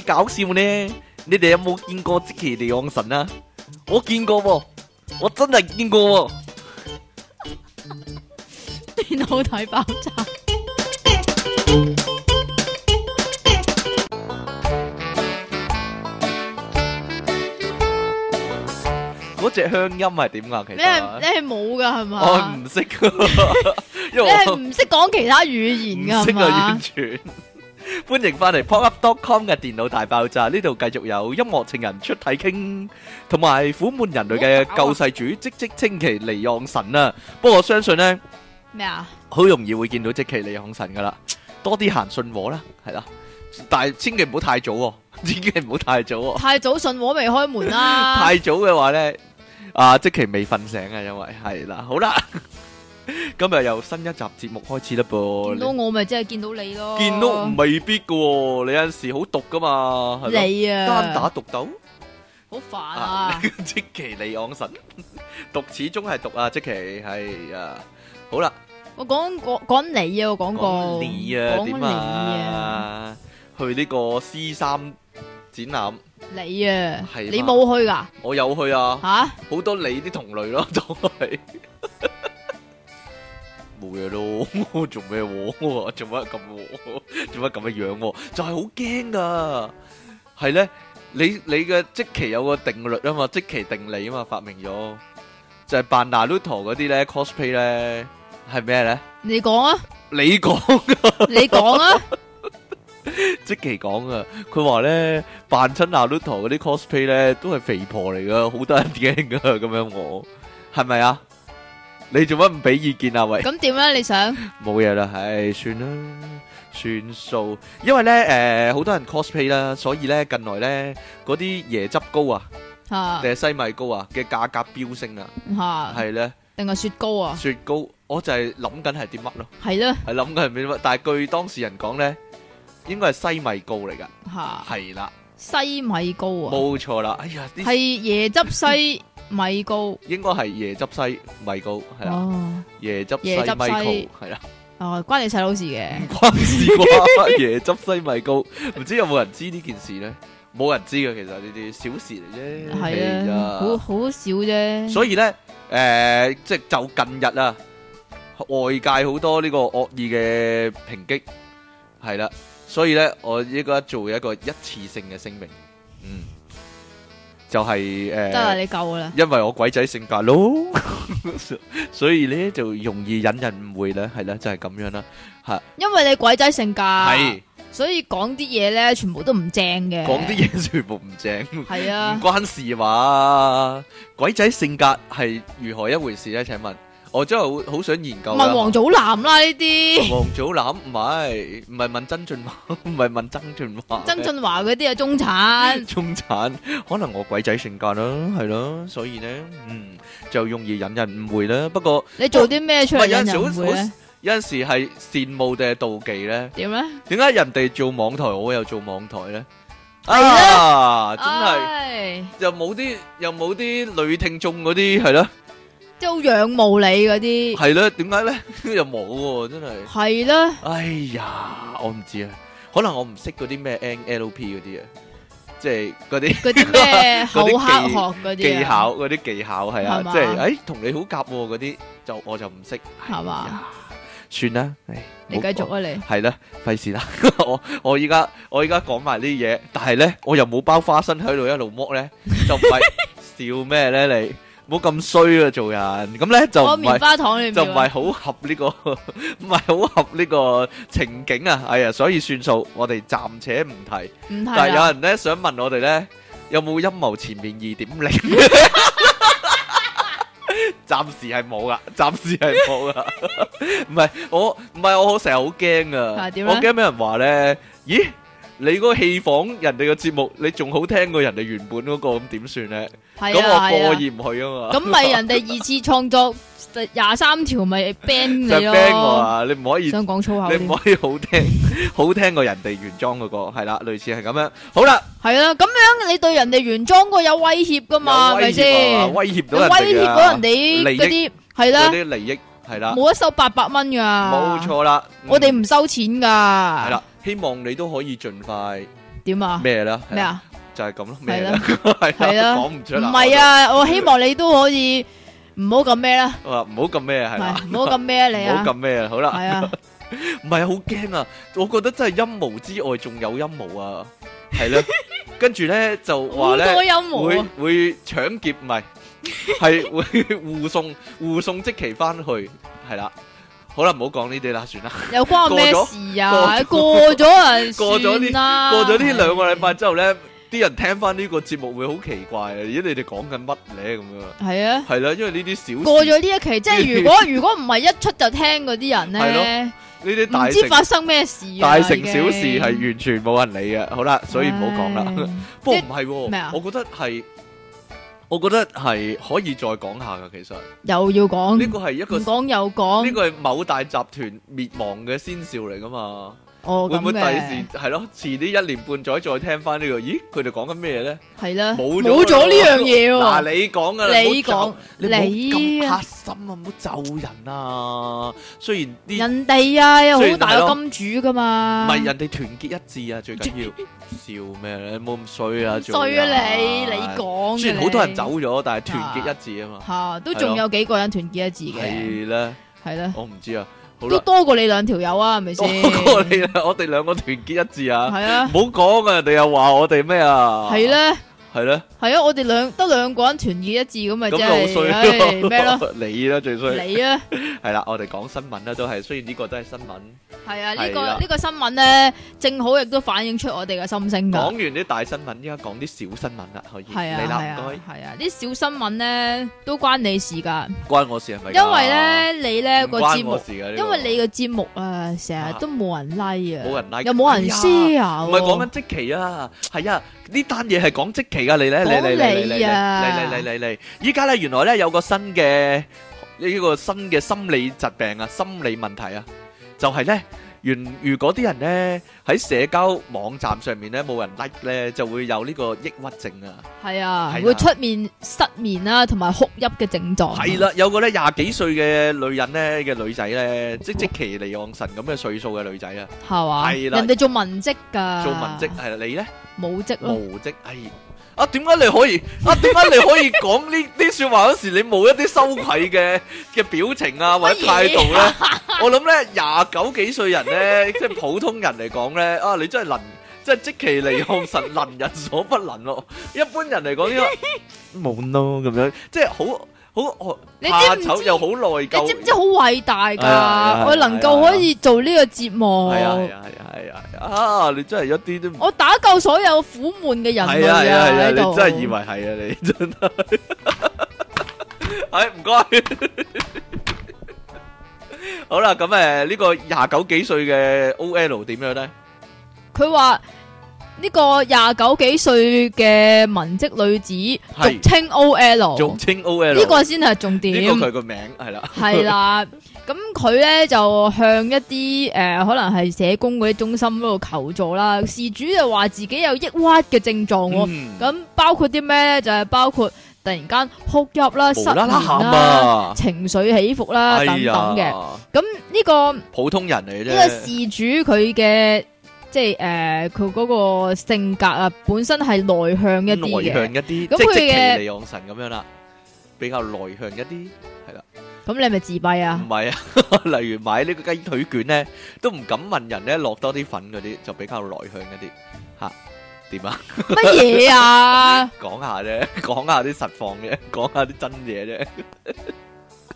搞笑咧！你哋有冇見過積淇離岸神啊？我見過喎，我真係見過喎。電腦大爆炸！嗰隻鄉音係點噶？其實你係你係冇噶係嘛？我唔識噶，你係唔識講其他語言噶嘛？識喇，完全！歡迎翻嚟 pop up.com 嘅電腦大爆炸，呢度繼續有音樂情人出體 king 同埋苦悶人類嘅救世主即即稱積淇離岸神啊！不過我相信呢咩啊，好容易會見到積淇離岸神噶啦，多啲行信和啦，係啦，但係千祈唔好太早哦，千祈唔好太早哦，太早信和未開門啦，太早嘅話呢啊，積淇未瞓醒啊，因為係啦好啦。今日由新一集節目開始啦，噃見到我咪真係見到你咯，見到未必噶，你有陣時好毒噶嘛？你啊單打獨鬥，好煩啊！積淇離岸神毒始終係毒啊，積淇係啊，好啦，我講講講你啊，我講過你啊，點啊？去呢個 C 三展覽，你啊，係你冇去噶？我有去啊，吓好多你啲同類咯，都係。冇嘢咯，做咩？做乜咁？做乜咁嘅樣？就係好驚噶，係咧，你你嘅即期有個定律啊嘛，即期定理啊嘛，發明咗就係扮納魯陀嗰啲咧 cosplay 咧係咩咧？你講啊，你講，你講啊，即期講啊，佢話咧扮親納魯陀嗰啲 cosplay 咧都係肥婆嚟噶，好多人驚噶，咁樣我係咪啊？你做乜唔俾意見啊？喂，咁點咧？你想冇嘢啦，唉算啦，算數。因為咧，誒，好多人 cosplay 啦，所以咧，近來咧，嗰啲椰汁糕啊，定係西米糕啊，嘅價格飆升啊，係咧，定係雪糕啊？雪糕，我就係諗緊係啲乜咯？係咯，係諗緊係咩乜？但係據當事人講咧，應該係西米糕嚟噶，係啦，西米糕啊，冇錯啦，哎呀，係椰汁西。米糕應該係椰汁西米糕係啦，椰汁椰汁西米糕係啦，哦，關你細佬事嘅，唔關事嘅椰汁西米糕，唔知有冇人知呢件事咧？冇人知嘅，其實呢啲小事嚟啫。係啊，好好少啫。所以咧，誒，即係就近日啊，外界好多呢個惡意嘅抨擊係啦，所以咧，我依家做一個一次性嘅聲明，嗯。就係，誒，得啦你救我啦，因為我鬼仔性格咯，所以咧就容易引人誤會咧，係啦，就係咁樣啦，係。因為你鬼仔性格，係所以講啲嘢咧，全部都唔正嘅。講啲嘢全部唔正，係啊，唔關事嘛。鬼仔性格係如何一回事咧？請問？我真係好想研究。問王祖藍啦呢啲，王祖藍唔係，唔係問曾俊華，唔係問曾俊華。曾俊華嗰啲啊中產，中產，可能我鬼仔性格咯，係咯，所以咧，嗯，就容易引人誤會啦。不過你做啲咩出嚟？有時好，有時係羨慕定係妒忌咧？點咧？點解人哋做網台，我又做網台咧？哎呀，真係又冇啲又冇啲女聽眾嗰啲係咯。即係好仰慕你嗰啲，係咧？點解咧？又冇喎，真係係咧？哎呀，我唔知啊，可能我唔識嗰啲咩 NLP 嗰啲啊，即係嗰啲嗰啲咩好科學嗰啲技巧嗰啲技巧係啊，即係誒，同你好夾嗰啲就我就唔識係嘛？算啦，你繼續啊，你係啦，費事啦，我我依家我依家講埋呢啲嘢，但係咧我又冇包花生喺度一路剝咧，就唔係笑咩咧你？冇咁衰啊！做人咁咧就唔係、啊、就唔係好合呢、呢個唔係好合呢個情景啊！哎呀、啊，所以算數，我哋暫且唔提。唔提。但係有人咧想問我哋咧有冇陰謀前面二點零？暫時係冇噶，暫時係冇噶。唔係我唔係我好成日好驚噶。點啊？我驚俾人話咧，咦？你嗰個戲房人哋個節目，你仲好聽過人哋原本嗰個，咁點算咧？咁我播我唔去啊嘛！咁咪人哋二次創作廿三條咪 bang 嚟咯，你唔可以，想講粗口，你唔可以好聽，好聽過人哋原裝嗰個係啦，類似係咁樣。好啦，係啦，咁樣你對人哋原裝個有威脅噶嘛？係咪先？威脅到人哋，威脅到人哋嗰啲係啦，啲利益係啦，冇得收八百蚊噶，冇錯啦，我哋唔收錢噶，係啦。希望你都可以盡快點啊咩啦，咩啊就係咁咯咩啦，係啦，講唔出啦。唔係啊，我希望你都可以唔好咁咩啦，我話唔好咁咩係嘛，唔好咁咩，你唔好咁咩。好啦，係啊，唔係好驚啊，我覺得真係陰謀之外仲有陰謀啊係啦，跟住咧就話咧多陰謀，會會搶劫唔係，係會護送護送積淇翻去係啦。好啦，唔好講呢啲啦，算啦。又關我咩事啊？過咗啊，過咗啲啦，過咗呢兩個禮拜之後咧，啲人聽翻呢個節目會好奇怪，而家？你哋講緊乜咧？咁樣係啊，係啦，因為呢啲小事過咗呢一期，即係如果如果唔係一出就聽嗰啲人咧，呢啲大唔知發生咩事，大成小事係完全冇人理啊。好啦，所以唔好講啦。不過唔係咩，我覺得係。我覺得係可以再講下㗎，其實又要講呢個係一個講又講，呢個係某大集團滅亡嘅先兆嚟㗎嘛。哦會唔會第時係咯？遲啲一年半載再聽翻呢個？咦，佢哋講緊咩咧？係啦，冇冇咗呢樣嘢。嗱，你講噶啦，你講，你咁黑心啊！唔好咒人啊！雖然人哋啊，有好大個金主噶嘛，唔係人哋團結一致啊，最緊要笑咩？你冇咁衰啊！衰啊你！你講，雖然好多人走咗，但係團結一致啊嘛。吓，都仲有幾個人團結一致嘅。係啦，係啦，我唔知啊。都多過你兩條友啊，係咪先？多過你啊！ 我哋兩個團結一致啊！係啊！唔好講啊！人哋又話我哋咩啊？係咧。係咯，係啊！我哋兩得兩個人團結一致咁咪啫，咩咯？你咧最衰，你啊，係啦！我哋講新聞啦，都係雖然呢個都係新聞，係啊！呢個呢個新聞咧，正好亦都反映出我哋嘅心聲。講完啲大新聞，依家講啲小新聞啦，可以係啊，係啊，啲小新聞咧都關你事噶，關我事係咪？因為咧，你咧個節目，因為你嘅節目啊，成日都冇人 like 啊，冇人 like，又冇人 share，唔係講緊即期啊，係啊。呢單嘢係講積淇噶，你咧，你你你你你，依家咧原來咧有個新嘅呢個新嘅心理疾病啊，心理問題啊，就係咧，如如果啲人咧喺社交網站上面咧冇人 like 咧，就會有呢個抑鬱症啊，係啊，會出面失眠啊，同埋哭泣嘅症狀。係啦，有個咧廿幾歲嘅女人咧嘅女仔咧，即積淇離岸神咁嘅歲數嘅女仔啊，係嘛，係啦，人哋做文職噶，做文職係啦，你咧？無職咯，無職，哎，啊，點解你可以？啊，點解你可以講呢啲說話嗰時，你冇一啲羞愧嘅嘅表情啊，或者態度咧？我諗咧，廿九幾歲人咧， 即係普通人嚟講咧，啊，你真係能，即係積淇離岸神，能人所不能咯，啊。一般人嚟講呢個冇咯，咁樣 即係好。好，你知唔知？又好耐㗎，你知唔知？好偉大噶，我能夠可以做呢個節目，係啊係啊係啊係啊！啊，你真係一啲都唔，我打救所有苦悶嘅人，係啊係啊係啊！你真係以為係啊？你真係，係，唔該，好啦，咁誒，呢個廿九幾歲嘅 OL 點樣咧？佢話。呢個廿九幾歲嘅文職女子，俗稱 OL，俗稱 OL，呢個先係重點。 嗯、呢佢個名係啦，係啦。咁佢咧就向一啲誒、呃，可能係社工嗰啲中心嗰度求助啦。事主就話自己有抑鬱嘅症狀，咁、嗯、包括啲咩咧？就係、是、包括突然間哭泣、啊、啦、失眠啦喊啦、情緒起伏啦等等嘅。咁呢個普通人嚟啫。呢、這個、個事主佢嘅。即係誒，佢嗰個性格啊，本身係內向一啲嘅，內向一啲，即係積淇離岸神咁樣啦，比較內向一啲，係啦。咁你係咪自閉啊？唔係啊，例如買呢個雞腿卷咧，都唔敢問人咧落多啲粉嗰啲，就比較內向一啲吓。點啊？乜嘢啊？講下啫，講下啲實況嘅，講下啲真嘢啫。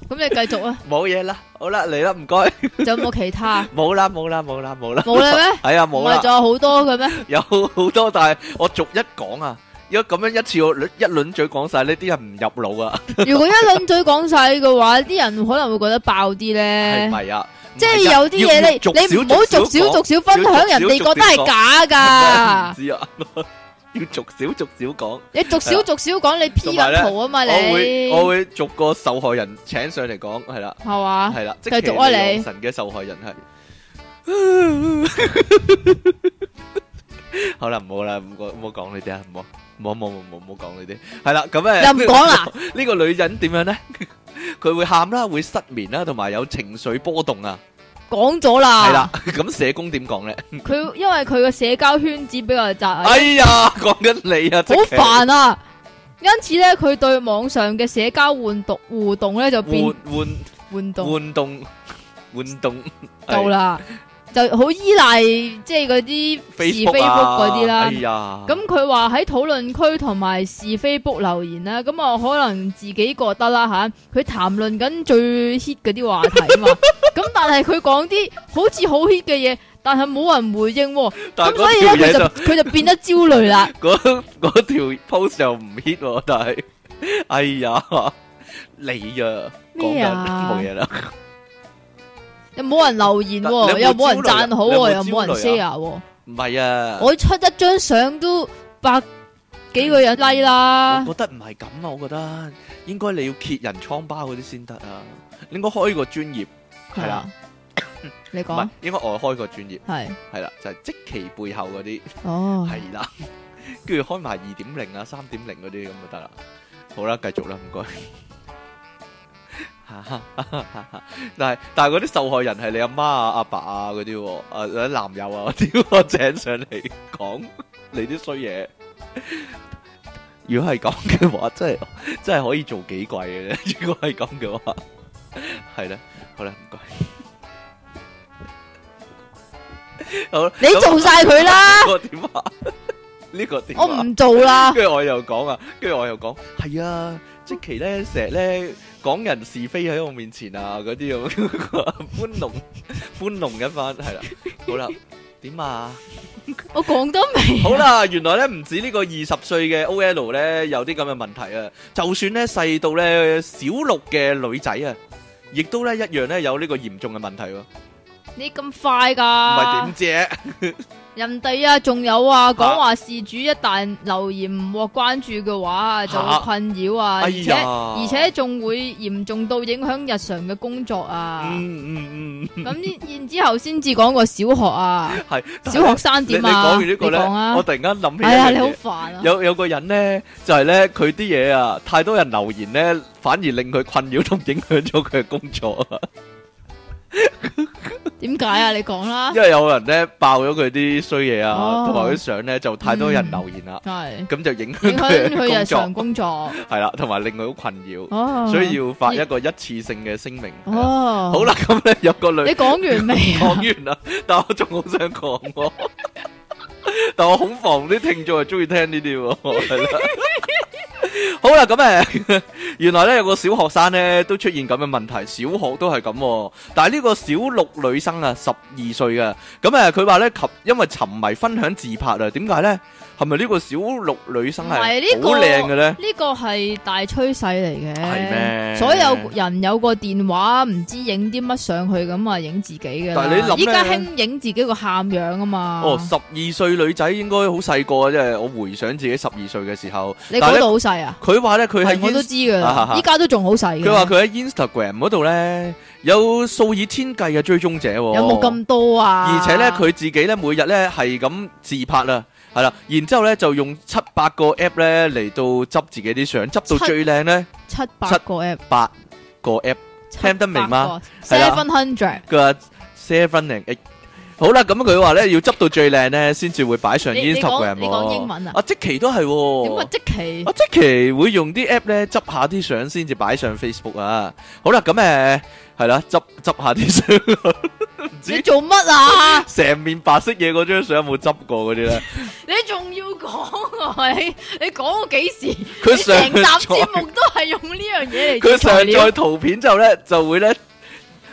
咁你繼續啊！冇嘢啦，好啦，嚟啦，唔該。仲有冇其他啊？冇啦，冇啦，冇啦，冇啦，冇啦咩？係啊，冇啦。唔係仲有好多嘅咩？有好多，但係我逐一講啊。如果咁樣一次我一輪嘴講晒，呢啲人唔入腦啊。如果一輪嘴講晒嘅話，啲人可能會覺得爆啲咧。係咪啊？即係有啲嘢你你唔好逐少逐少分享，人哋覺得係假噶。知啊。要逐少逐少講，你逐少逐少講，你 P 個圖啊嘛，你我會逐個受害人請上嚟講，係啦，係哇，係啦，特別係神嘅受害人係。好啦，唔好啦，唔好唔好講呢啲啊，唔好唔好唔好唔好唔好講呢啲，係啦，咁誒，又唔講啦？呢個女人點樣咧？佢會喊啦，會失眠啦，同埋有情緒波動啊！講咗啦，係啦，咁社工點講咧？佢 因為佢個社交圈子比較窄。哎呀，講緊 你啊！好煩啊！因此咧，佢對網上嘅社交互動互動咧就變換互玩 動互動互 動夠啦。 就好依賴，即係嗰啲是非簿嗰啲啦，咁佢話喺討論區同埋是非簿留言啦，啊，咁啊可能自己覺得啦吓，佢談論緊最 hit 嗰啲話題嘛，咁 但係佢講啲好似好 hit 嘅嘢，但係冇人回應，啊，咁但 所以咧佢就佢就，就變得焦慮啦。嗰嗰條 post 又唔 hit 我、啊、睇，哎呀，啊你啊咩啊冇嘢啦。又冇人留言，又冇人贊好，又冇人 share。唔係啊！我出一張相都百幾個人 like 啦。我覺得唔係咁啊，我覺得應該你要揭人瘡疤嗰啲先得啊。應該開個專業系啦。你講。唔係，應該我開個專業系係啦，就係積淇背後嗰啲哦，係啦，跟住開埋二點零啊、三點零嗰啲咁就得啦。好啦，繼續啦，唔該。但係但係嗰啲受害人係你阿媽啊阿爸啊嗰啲，誒，男友啊，點我請上嚟講你啲衰嘢？如果係咁嘅話，真係真係可以做幾貴嘅。如果係咁嘅話，係啦，好啦，唔該。好，你做晒佢啦。我點啊？呢個點？我唔做啦。跟住我又講啊，跟住我又講，係啊。即其咧，成日咧講人是非喺我面前啊，嗰啲咁寬弄寬弄一番係啦。好啦，點啊？我講都明，好啦，原來咧唔止呢個二十歲嘅 O L 咧有啲咁嘅問題啊，就算咧細到咧小六嘅女仔啊，亦都咧一樣咧有呢個嚴重嘅問題。你咁快噶？唔係點啫？ 人哋啊，仲有啊，講話、啊、事主一旦留言唔獲關注嘅話，就會困擾啊，啊、哎呀而，而且而且仲會嚴重到影響日常嘅工作啊。嗯嗯嗯。咁、嗯、然、嗯嗯、之後先至講個小學啊，係小學生點啊？你講完個呢個咧，啊、我突然間諗起，係啊、哎，你好煩啊！有有個人咧，就係、是、咧，佢啲嘢啊，太多人留言咧，反而令佢困擾同影響咗佢嘅工作。 點解啊？你講啦，因為有人咧爆咗佢啲衰嘢啊，同埋啲相咧就太多人留言啦，咁、mm. 就影響佢日常工作，係啦， 同埋令佢好困擾，oh. 所以要發一個一次性嘅聲明。哦，好啦，咁咧有個女，你講完未？講 完啦，但我仲好想講喎。 但我防好防啲聽眾啊，中意聽呢啲喎，好啦，咁誒，原來咧有個小學生咧都出現咁嘅問題，小學都係咁、哦。但係呢個小六女生啊，十二歲㗎，咁誒，佢話咧及因為沉迷分享自拍啊，點解咧？係咪呢個小六女生係好靚嘅咧？呢、這個係、這個、大趨勢嚟嘅，嗎所有人有個電話，唔知影啲乜上去咁啊，影自己嘅。但係你諗咧，依家興影自己個喊樣啊嘛。哦，十二歲女仔應該好細個啊！即係我回想自己十二歲嘅時候，你嗰度好細啊？佢話咧，佢係我都知㗎啦，依家、啊啊、都仲好細。佢話佢喺 Instagram 嗰度咧，有數以千計嘅追蹤者、哦，有冇咁多啊？而且咧，佢自己咧每日咧係咁自拍啦。係啦，然之後咧就用呢七,七,七八個 app 咧，嚟到執自己啲相，執到最靚咧，七七個 app，八個 app，聽得明嗎？Seven hundred，佢 seven eight 誒，好啦，咁佢話咧要執到最靚咧，先至會擺上 Instagram 你。你講英文啊？阿積淇都係，點啊？積淇、喔、奇，阿即、啊、奇會用啲 app 咧執下啲相，先至擺上 Facebook 啊。好啦，咁、嗯、誒。 係啦，執執下啲相，你做乜啊？成面白色嘢嗰張相有冇執過嗰啲咧？你仲要講啊？你你講我幾時？佢成集節目都係用呢樣嘢嚟。佢上載圖片之後咧，就會咧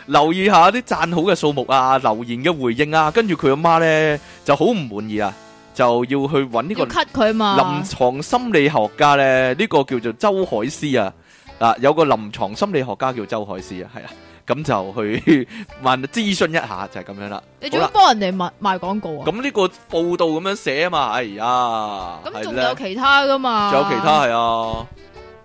留意下啲讚好嘅數目啊，留言嘅回應啊。跟住佢阿媽咧就好唔滿意啊，就要去揾呢個 cut 佢嘛。臨床心理學家咧，呢個叫做周海思啊。嗱，有個臨床心理學家叫周海思啊，係啊。咁就去問諮詢一下，就係咁樣啦。你仲要幫人哋賣賣廣告啊？咁呢個報道咁樣寫啊嘛，哎呀！咁仲有其他噶嘛？仲有其他係啊，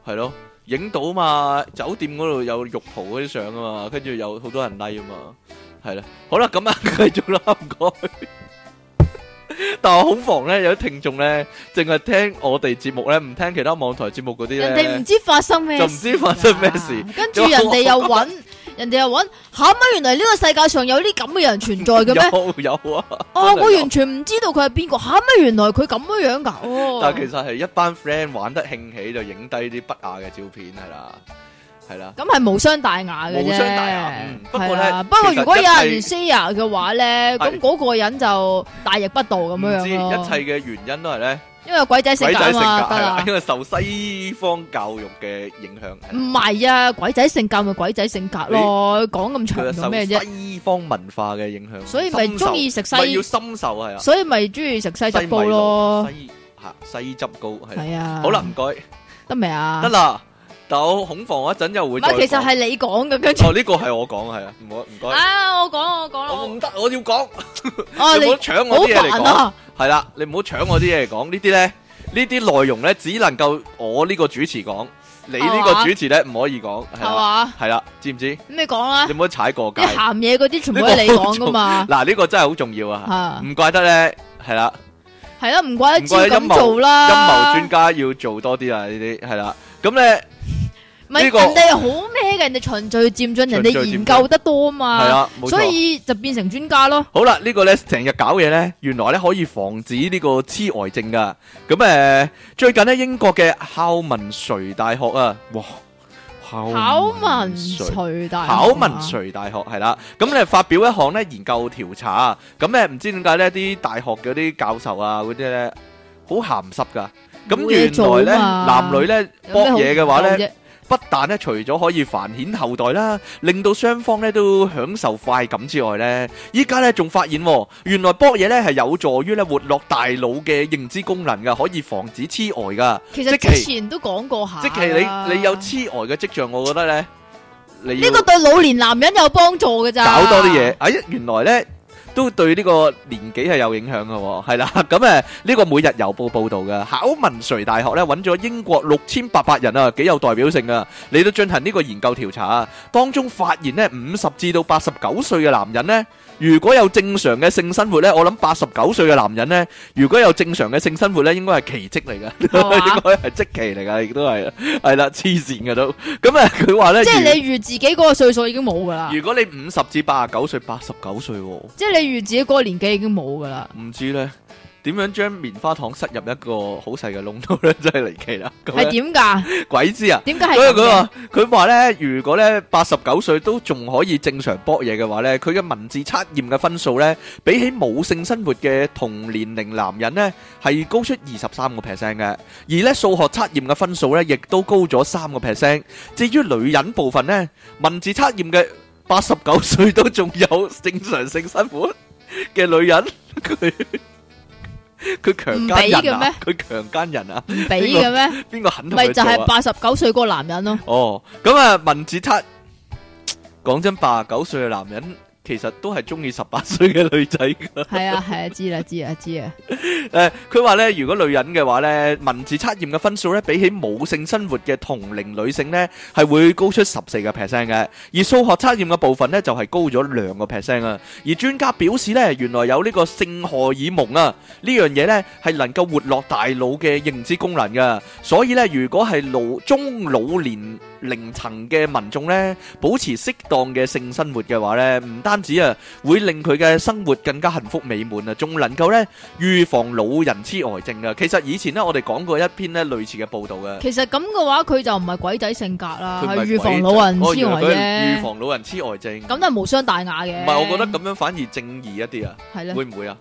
係咯，影到嘛，酒店嗰度有浴袍嗰啲相啊嘛，跟住有好多人拉啊嘛，係啦，好啦，咁啊繼續啦，唔該。但係我好防恐防咧，有啲聽眾咧淨係聽我哋節目咧，唔聽其他網台節目嗰啲咧，人哋唔知發生咩，就唔知發生咩事，跟住人哋又搵。人哋又搵，吓乜？原來呢個世界上有啲咁嘅人存在嘅咩？ 有有啊！有啊，我完全唔知道佢係邊個，吓乜？原來佢咁樣樣噶、啊。 但係其實係一班 friend 玩得興起就影低啲不雅嘅照片係啦，係啦。咁係無傷大雅嘅啫，無傷大雅。不過咧，不過、啊、其實如果有人 share 嘅話咧，咁嗰係個人就大逆不道咁樣樣。一切嘅原因都係咧。因為鬼仔性格啊嘛，因為受西方教育嘅影響。唔係啊，鬼仔性格咪鬼仔性格咯，講咁長做咩啫？西方文化嘅影響，所以咪中意食西，咪要深受係啊，所以咪中意食西汁糕咯，西西汁糕係啊。好啦，唔該，得未啊？得啦。但我恐防嗰一陣又會其實係你講嘅跟住。哦，呢個係我講係啊，唔好唔該。啊，我講我講我唔得，我要講。你唔好搶我啲嘢嚟講，係啦，你唔好搶我啲嘢講。呢啲咧，呢啲內容咧，只能夠我呢個主持講，你呢個主持咧唔可以講，係嘛？係啦，知唔知？咁你講啦，你唔好踩過界，啲鹹嘢嗰啲全部都係你講噶嘛？嗱，呢個真係好重要啊，唔怪得咧，係啦，係啦，唔怪得，唔怪得陰謀陰謀專家要做多啲啊！呢啲係啦，咁咧。這個 人哋好咩嘅？ 人哋循序漸進， 人哋研究得多嘛，啊、所以就變成專家咯好。好、這、啦、個，呢個咧成日搞嘢咧，原來咧可以防止呢個黐癌症噶。咁誒、呃，最近呢，英國嘅考文垂大學,大學,大學啊，哇！考文垂大考文垂大學係啦，咁咧發表一項咧研究調查，咁咧唔知點解咧啲大學嗰啲教授啊嗰啲咧好鹹濕噶。咁原來咧男女咧搏嘢嘅話咧。不但咧，除咗可以繁衍後代啦，令到雙方咧都享受快感之外咧，依家咧仲發現，喔，原來剝嘢咧係有助於咧活絡大腦嘅認知功能噶，可以防止痴呆噶。其實之前都講過下即。即係你你有痴呆嘅跡象，我覺得咧，你呢個對老年男人有幫助噶咋。搞多啲嘢，哎，原來咧。都對呢個年紀係有影響嘅，哦，係啦。咁、嗯、誒，呢、呢個每日郵報報道嘅考文垂大學咧揾咗英國六千八百人啊，幾有代表性啊！你都進行呢個研究調查啊，當中發現呢五十至到八十九歲嘅男人呢，如果有正常嘅性生活咧，我諗八十九歲嘅男人咧，如果有正常嘅性生活咧，應該係奇蹟嚟噶，麼 應該係即奇嚟噶亦都係係啦，黐線噶都。咁、嗯、啊，佢話咧，即係你預如自己嗰個歲數已經冇噶啦。如果你五十至八十九歲，八十九歲，即係你預自己嗰個年紀已經冇噶啦。唔知咧。點樣將棉花糖塞入一個好細嘅窿度咧，真係離奇啦！係點噶？鬼知啊！點解係？佢話佢話咧，如果咧八十九歲都仲可以正常搏嘢嘅話咧，佢嘅文字測驗嘅分數咧，比起冇性生活嘅同年齡男人咧，係高出二十三個 percent 嘅。而咧數學測驗嘅分數咧，亦都高咗三個 percent。至於女人部分咧，文字測驗嘅八十九歲都仲有正常性生活嘅女人，佢。佢強奸人啊！佢強奸人啊！唔俾嘅咩？邊個 肯、啊？咪就係八十九歲個男人咯，啊。哦，咁、嗯、啊，文字七講真，八十九歲嘅男人。其實都係中意十八歲嘅女仔噶。係啊係啊，知啦知啊知啊。誒，佢話咧，如果女人嘅話咧，文字測驗嘅分數咧，比起冇性生活嘅同齡女性咧，係會高出十四個 percent 嘅。而數學測驗嘅部分咧，就係高咗兩個 percent 啊。而專家表示咧，原來有呢個性荷爾蒙啊，呢樣嘢，咧係能夠活絡大腦嘅認知功能嘅。所以咧，如果係老中老年齡層嘅民眾咧，保持適當嘅性生活嘅話咧，唔單。單止啊，會令佢嘅生活更加幸福美滿啊，仲能夠咧預防老人痴呆症啊。其實以前咧，我哋講過一篇咧類似嘅報道嘅。其實咁嘅話，佢就唔係鬼仔性格啦，係預防老人痴呆嘅。預防老人痴呆症，咁都係無傷大雅嘅。唔係，我覺得咁樣反而正義一啲啊。係咯，會唔會啊？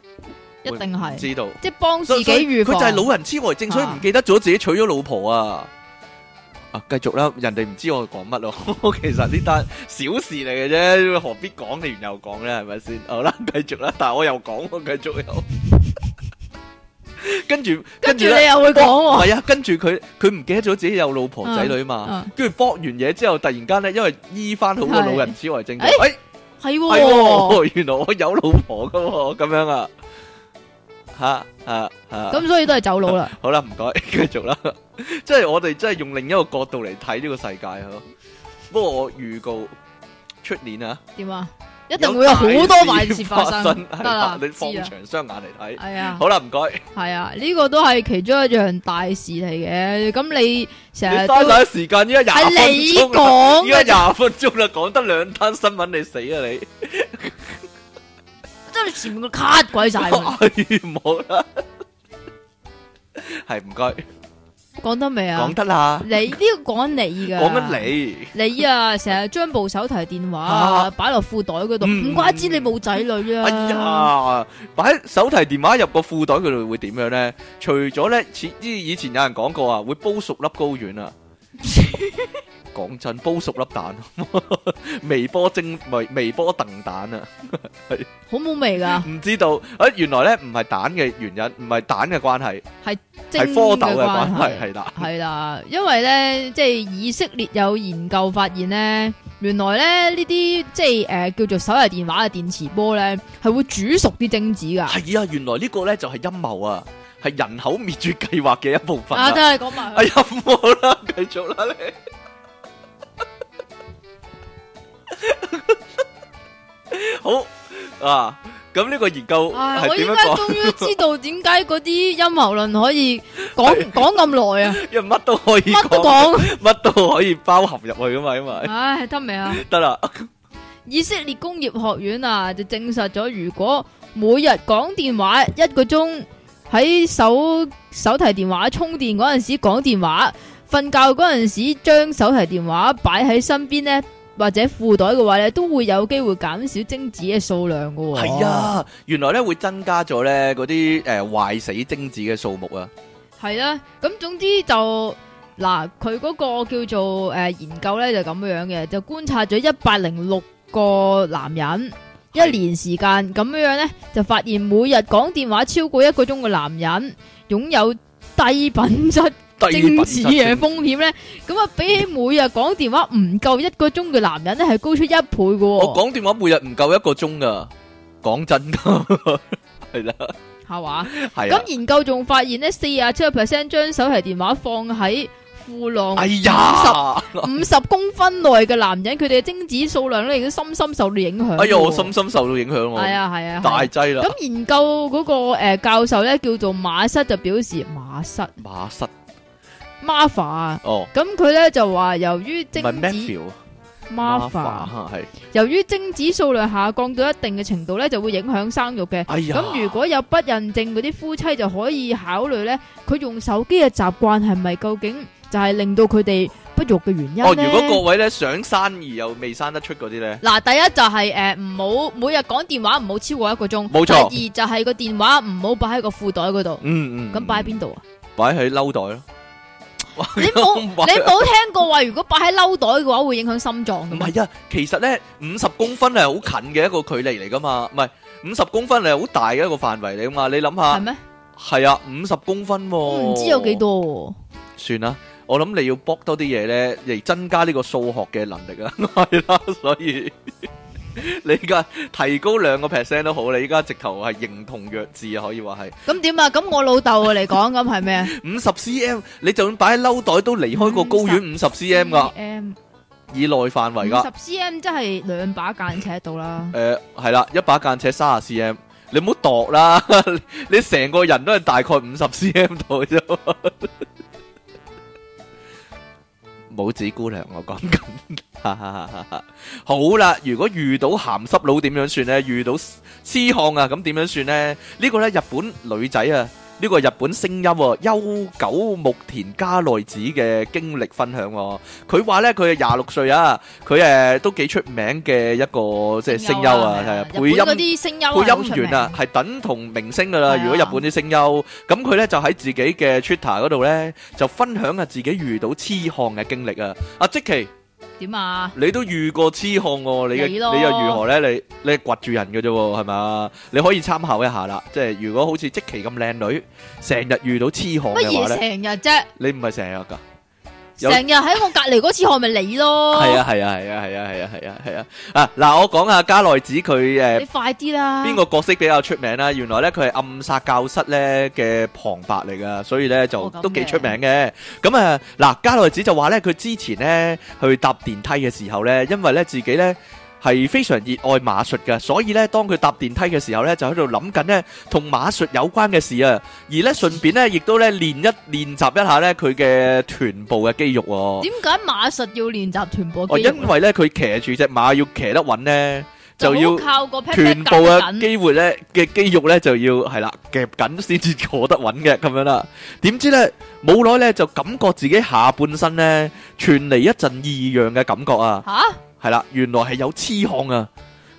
一定係知道，即係幫自己預防。佢就係老人痴呆症，所以唔記得咗自己娶咗老婆啊。啊，繼續啦！人哋唔知我講乜咯，其實呢單小事嚟嘅啫，何必講你完又講咧？係咪先？好啦，繼續啦！但係我又講，我繼續又跟住，跟住你又會講喎。係啊，跟住佢佢唔記得咗自己有老婆仔女嘛？跟住搏完嘢之後，突然間咧，因為醫翻好個老人痴呆症，哎，係喎，係喎，原來我有老婆噶喎，咁樣啊！吓吓吓！咁所以都係走佬啦。好啦，唔該，繼續啦。即係我哋真係用另一個角度嚟睇呢個世界咯。不過我預告出年啊，點啊，一定會有好多壞事發生。得啦，你放長雙眼嚟睇。係啊，好啦，唔該。係啊，呢個都係其中一樣大事嚟嘅。咁你成日刪晒時間，依家廿分鐘，依家廿分鐘啦，講得兩單新聞，你死啊你！真係前面個卡鬼晒，唔好啦，係唔該，講得未啊？講得啦，你呢？講緊你噶，講緊你，你啊，成日將部手提電話擺落褲袋嗰度，唔、啊、怪之你冇仔女啊、嗯！哎呀，擺手提電話入個褲袋嗰度會點樣咧？除咗咧，似之以前有人講過啊，會煲熟粒高丸啊。 講真，煲熟粒蛋，微波蒸微微波燉蛋啊，係好冇味噶，唔知道啊，原來咧唔係蛋嘅原因，唔係蛋嘅關係，係蝌蚪嘅關係，係啦，係啦，因為咧即係以色列有研究發現咧，原來咧呢啲即係誒叫做手提電話嘅電磁波咧係會煮熟啲精子噶，係啊，原來呢個咧就係陰謀啊，係人口滅絕計劃嘅一部分啊，真係講埋，哎呀，好啦，繼續啦你。 好啊！咁呢個研究、哎、我依家終於知道點解嗰啲陰謀論可以講講咁耐啊！因為乜都可以，乜都講，乜都可以包含入去噶嘛，因為唉，得未啊？得啦！行了 以色列工業學院啊，就證實咗，如果每日講電話一個鐘，喺手手提電話充電嗰陣時講電話，瞓覺嗰陣時將手提電話擺喺身邊呢。或者褲袋嘅話咧，都會有機會減少精子嘅數量噶、哦。係啊，原來咧會增加咗咧嗰啲誒壞死精子嘅數目啊。係啦、啊，咁總之就嗱，佢嗰個叫做誒、呃、研究咧就咁、是、樣樣嘅，就觀察咗一百零六個男人是一年時間咁樣樣咧，就發現每日講電話超過一個鐘嘅男人擁有低品質。精子嘅風險咧，咁啊 比起每日講電話唔夠一個鐘嘅男人咧，係高出一倍嘅、哦。我講電話每日唔夠一個鐘噶，講真噶係啦，係嘛？係。咁研究仲發現呢，四十七個 percent 將手提電話放喺褲浪，哎呀，五 十公分內嘅男人，佢哋嘅精子數量咧，已經深深受到影響、哦。哎呀，我深深受到影響啊！係啊係啊，大劑啦。咁研究嗰、那個誒教授咧，叫做馬塞，就表示馬塞馬塞。Martha 啊，咁佢咧就話由於精子 Martha 係由於精子數量下降到一定嘅程度咧，就會影響生育嘅。咁、哎、呀如果有不孕症嗰啲夫妻，就可以考慮咧，佢用手機嘅習慣係咪究竟就係令到佢哋不育嘅原因哦，如果各位咧想生而又未生得出嗰啲咧，嗱，第一就係誒唔好每日講電話，唔好超過一個鐘，冇錯錯。第二就係個電話唔好擺喺個褲袋嗰度、嗯，嗯嗯，咁擺喺邊度啊？擺喺嬲袋咯。 你冇， 啊、你冇聽過話如果擺喺褸袋嘅話會影響心臟？唔係啊，其實咧五十公分係好近嘅一個距離嚟噶嘛，唔係五十公分係好大嘅一個範圍嚟噶嘛，你諗下係咩？係嗎啊，五十公分、啊、唔、嗯、知有幾多、啊？算啦，我諗你要剝多啲嘢咧，嚟增加呢個數學嘅能力啊，係 啦、啊，所以。 你而家提高兩個 percent 都好，你依家直頭係形同弱智，可以話係。咁點啊？咁我老豆嚟講咁係咩？五十 cm，你就算擺喺褸袋都離開個高院五十 cm 噶，M 以內範圍噶。五十 cm 即係兩把間尺度啦。誒、 呃，係啦，一把間尺卅 cm，你唔好度啦，你成 個人都係大概五十 cm 度啫。拇指姑娘，我講緊，好啦，如果遇到鹹濕佬點樣算咧？遇到痴漢啊，咁點樣算咧？這個、呢個咧，日本女仔啊。呢個日本聲優啊，悠久木田加奈子嘅經歷分享喎。佢話呢，佢係廿六歲啊，佢誒都幾出名嘅一個即係聲優啊，配音、啊、配音員啊，係等同明星噶啦。的如果日本啲聲優，咁佢呢就喺自己嘅 Twitter 嗰度呢，就分享下、啊、自己遇到痴漢嘅經歷啊。阿積淇。點啊！你都遇過痴漢喎，你你，咯 你又如何咧？你你掘住人嘅啫喎，係咪？你可以參考一下啦。即係如果好似積淇咁靚女，成日遇到痴漢嘅話咧，成日啫，你唔係成日噶。 成有日喺我隔籬嗰次，我咪你咯。係啊係啊係啊係啊係啊係啊係啊啊！嗱，我講下加奈子佢誒，你快啲啦。邊個角色比較出名啦，啊？原來咧佢係暗殺教室咧嘅旁白嚟噶，所以咧就都幾出名嘅。咁、嗯、啊，嗱，加奈子就話咧佢之前咧去搭電梯嘅時候咧，因為咧自己咧。係非常熱愛馬術嘅，所以咧，當佢搭電梯嘅時候咧，就喺度諗緊咧同馬術有關嘅事啊，而咧順便咧亦都咧練一練習一下咧佢嘅臀部嘅肌肉。點解馬術要練習臀部肌肉？哦，因為咧佢騎住隻馬要騎得穩咧，就要靠個臀部嘅機會咧嘅肌肉咧就要係啦夾緊先至坐得穩嘅咁樣啦。點知咧冇耐咧就感覺自己下半身咧傳嚟一陣異樣嘅感覺啊！吓！係啦，原來係有癡漢啊，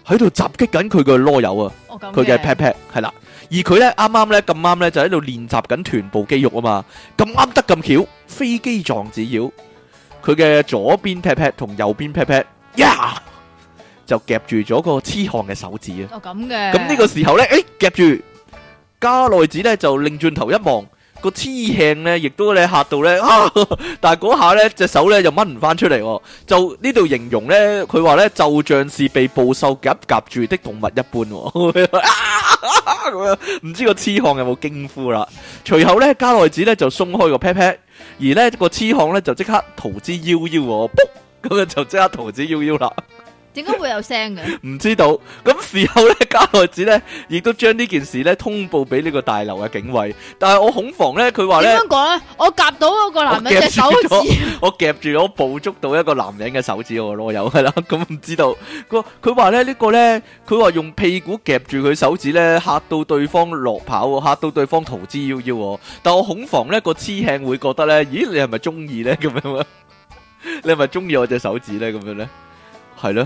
喺度襲擊緊佢嘅囉柚啊，佢嘅 pat pat 係啦，而佢咧啱啱咧咁啱咧就喺度練習緊臀部肌肉啊嘛，咁啱得咁巧，飛機撞紙鷂，佢嘅左邊 pat pat 同右邊 pat pat，呀就夾住咗個癡漢嘅手指啊。哦，咁嘅。咁呢個時候咧，誒、欸、夾住加內子咧就擰轉頭一望。個癡向咧，亦都咧吓到咧，啊，但係嗰下咧隻手咧就掹唔翻出嚟，哦，就呢度形容咧，佢話咧就像是被捕獸夾夾住的動物一般，哦，咁樣唔知個癡漢有冇驚呼啦？隨後咧，加奈子咧就鬆開個 pat pat，而咧，那個癡漢咧就即刻逃之夭夭，咁樣就即刻逃之夭夭啦。點解會有聲嘅？唔知道。咁事後咧，加奈子咧亦都將呢件事咧通報俾呢個大樓嘅警衛。但係我恐防咧，佢話咧點樣講咧？我夾到嗰個男人隻手指。我夾住我捕捉到一個男人嘅手指，我攞有㗎喇。咁唔知道個佢話咧呢個咧，佢話用屁股夾住佢手指咧，嚇到對方落跑，嚇到對方逃之夭夭。但我恐防咧個痴慶會覺得咧，咦？你係咪中意咧咁樣啊？你係咪中意我隻手指咧咁樣咧？係咯。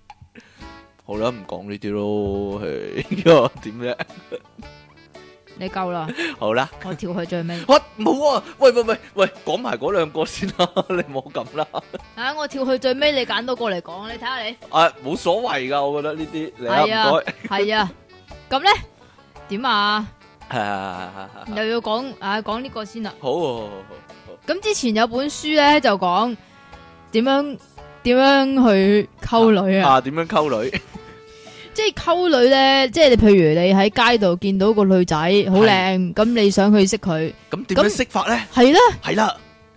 好啦，唔講呢啲咯，係點咧？你夠啦，好啦，我跳去最尾。我冇，喂喂喂喂，講埋嗰兩個先啦，你唔好咁啦。啊，我跳去最尾，你揀到過嚟講，你睇下你。啊，冇所謂噶，我覺得呢啲，係啊，係啊，咁咧點啊？係係係係係，又要講啊，講呢個先啦。好，好，好，好，咁之前有本書咧，就講點樣點樣去溝女啊？點樣溝女？即係溝女咧，即係你，譬如你喺街度見到個女仔好靚，咁你想去識佢，咁點樣識法咧？係啦，係啦，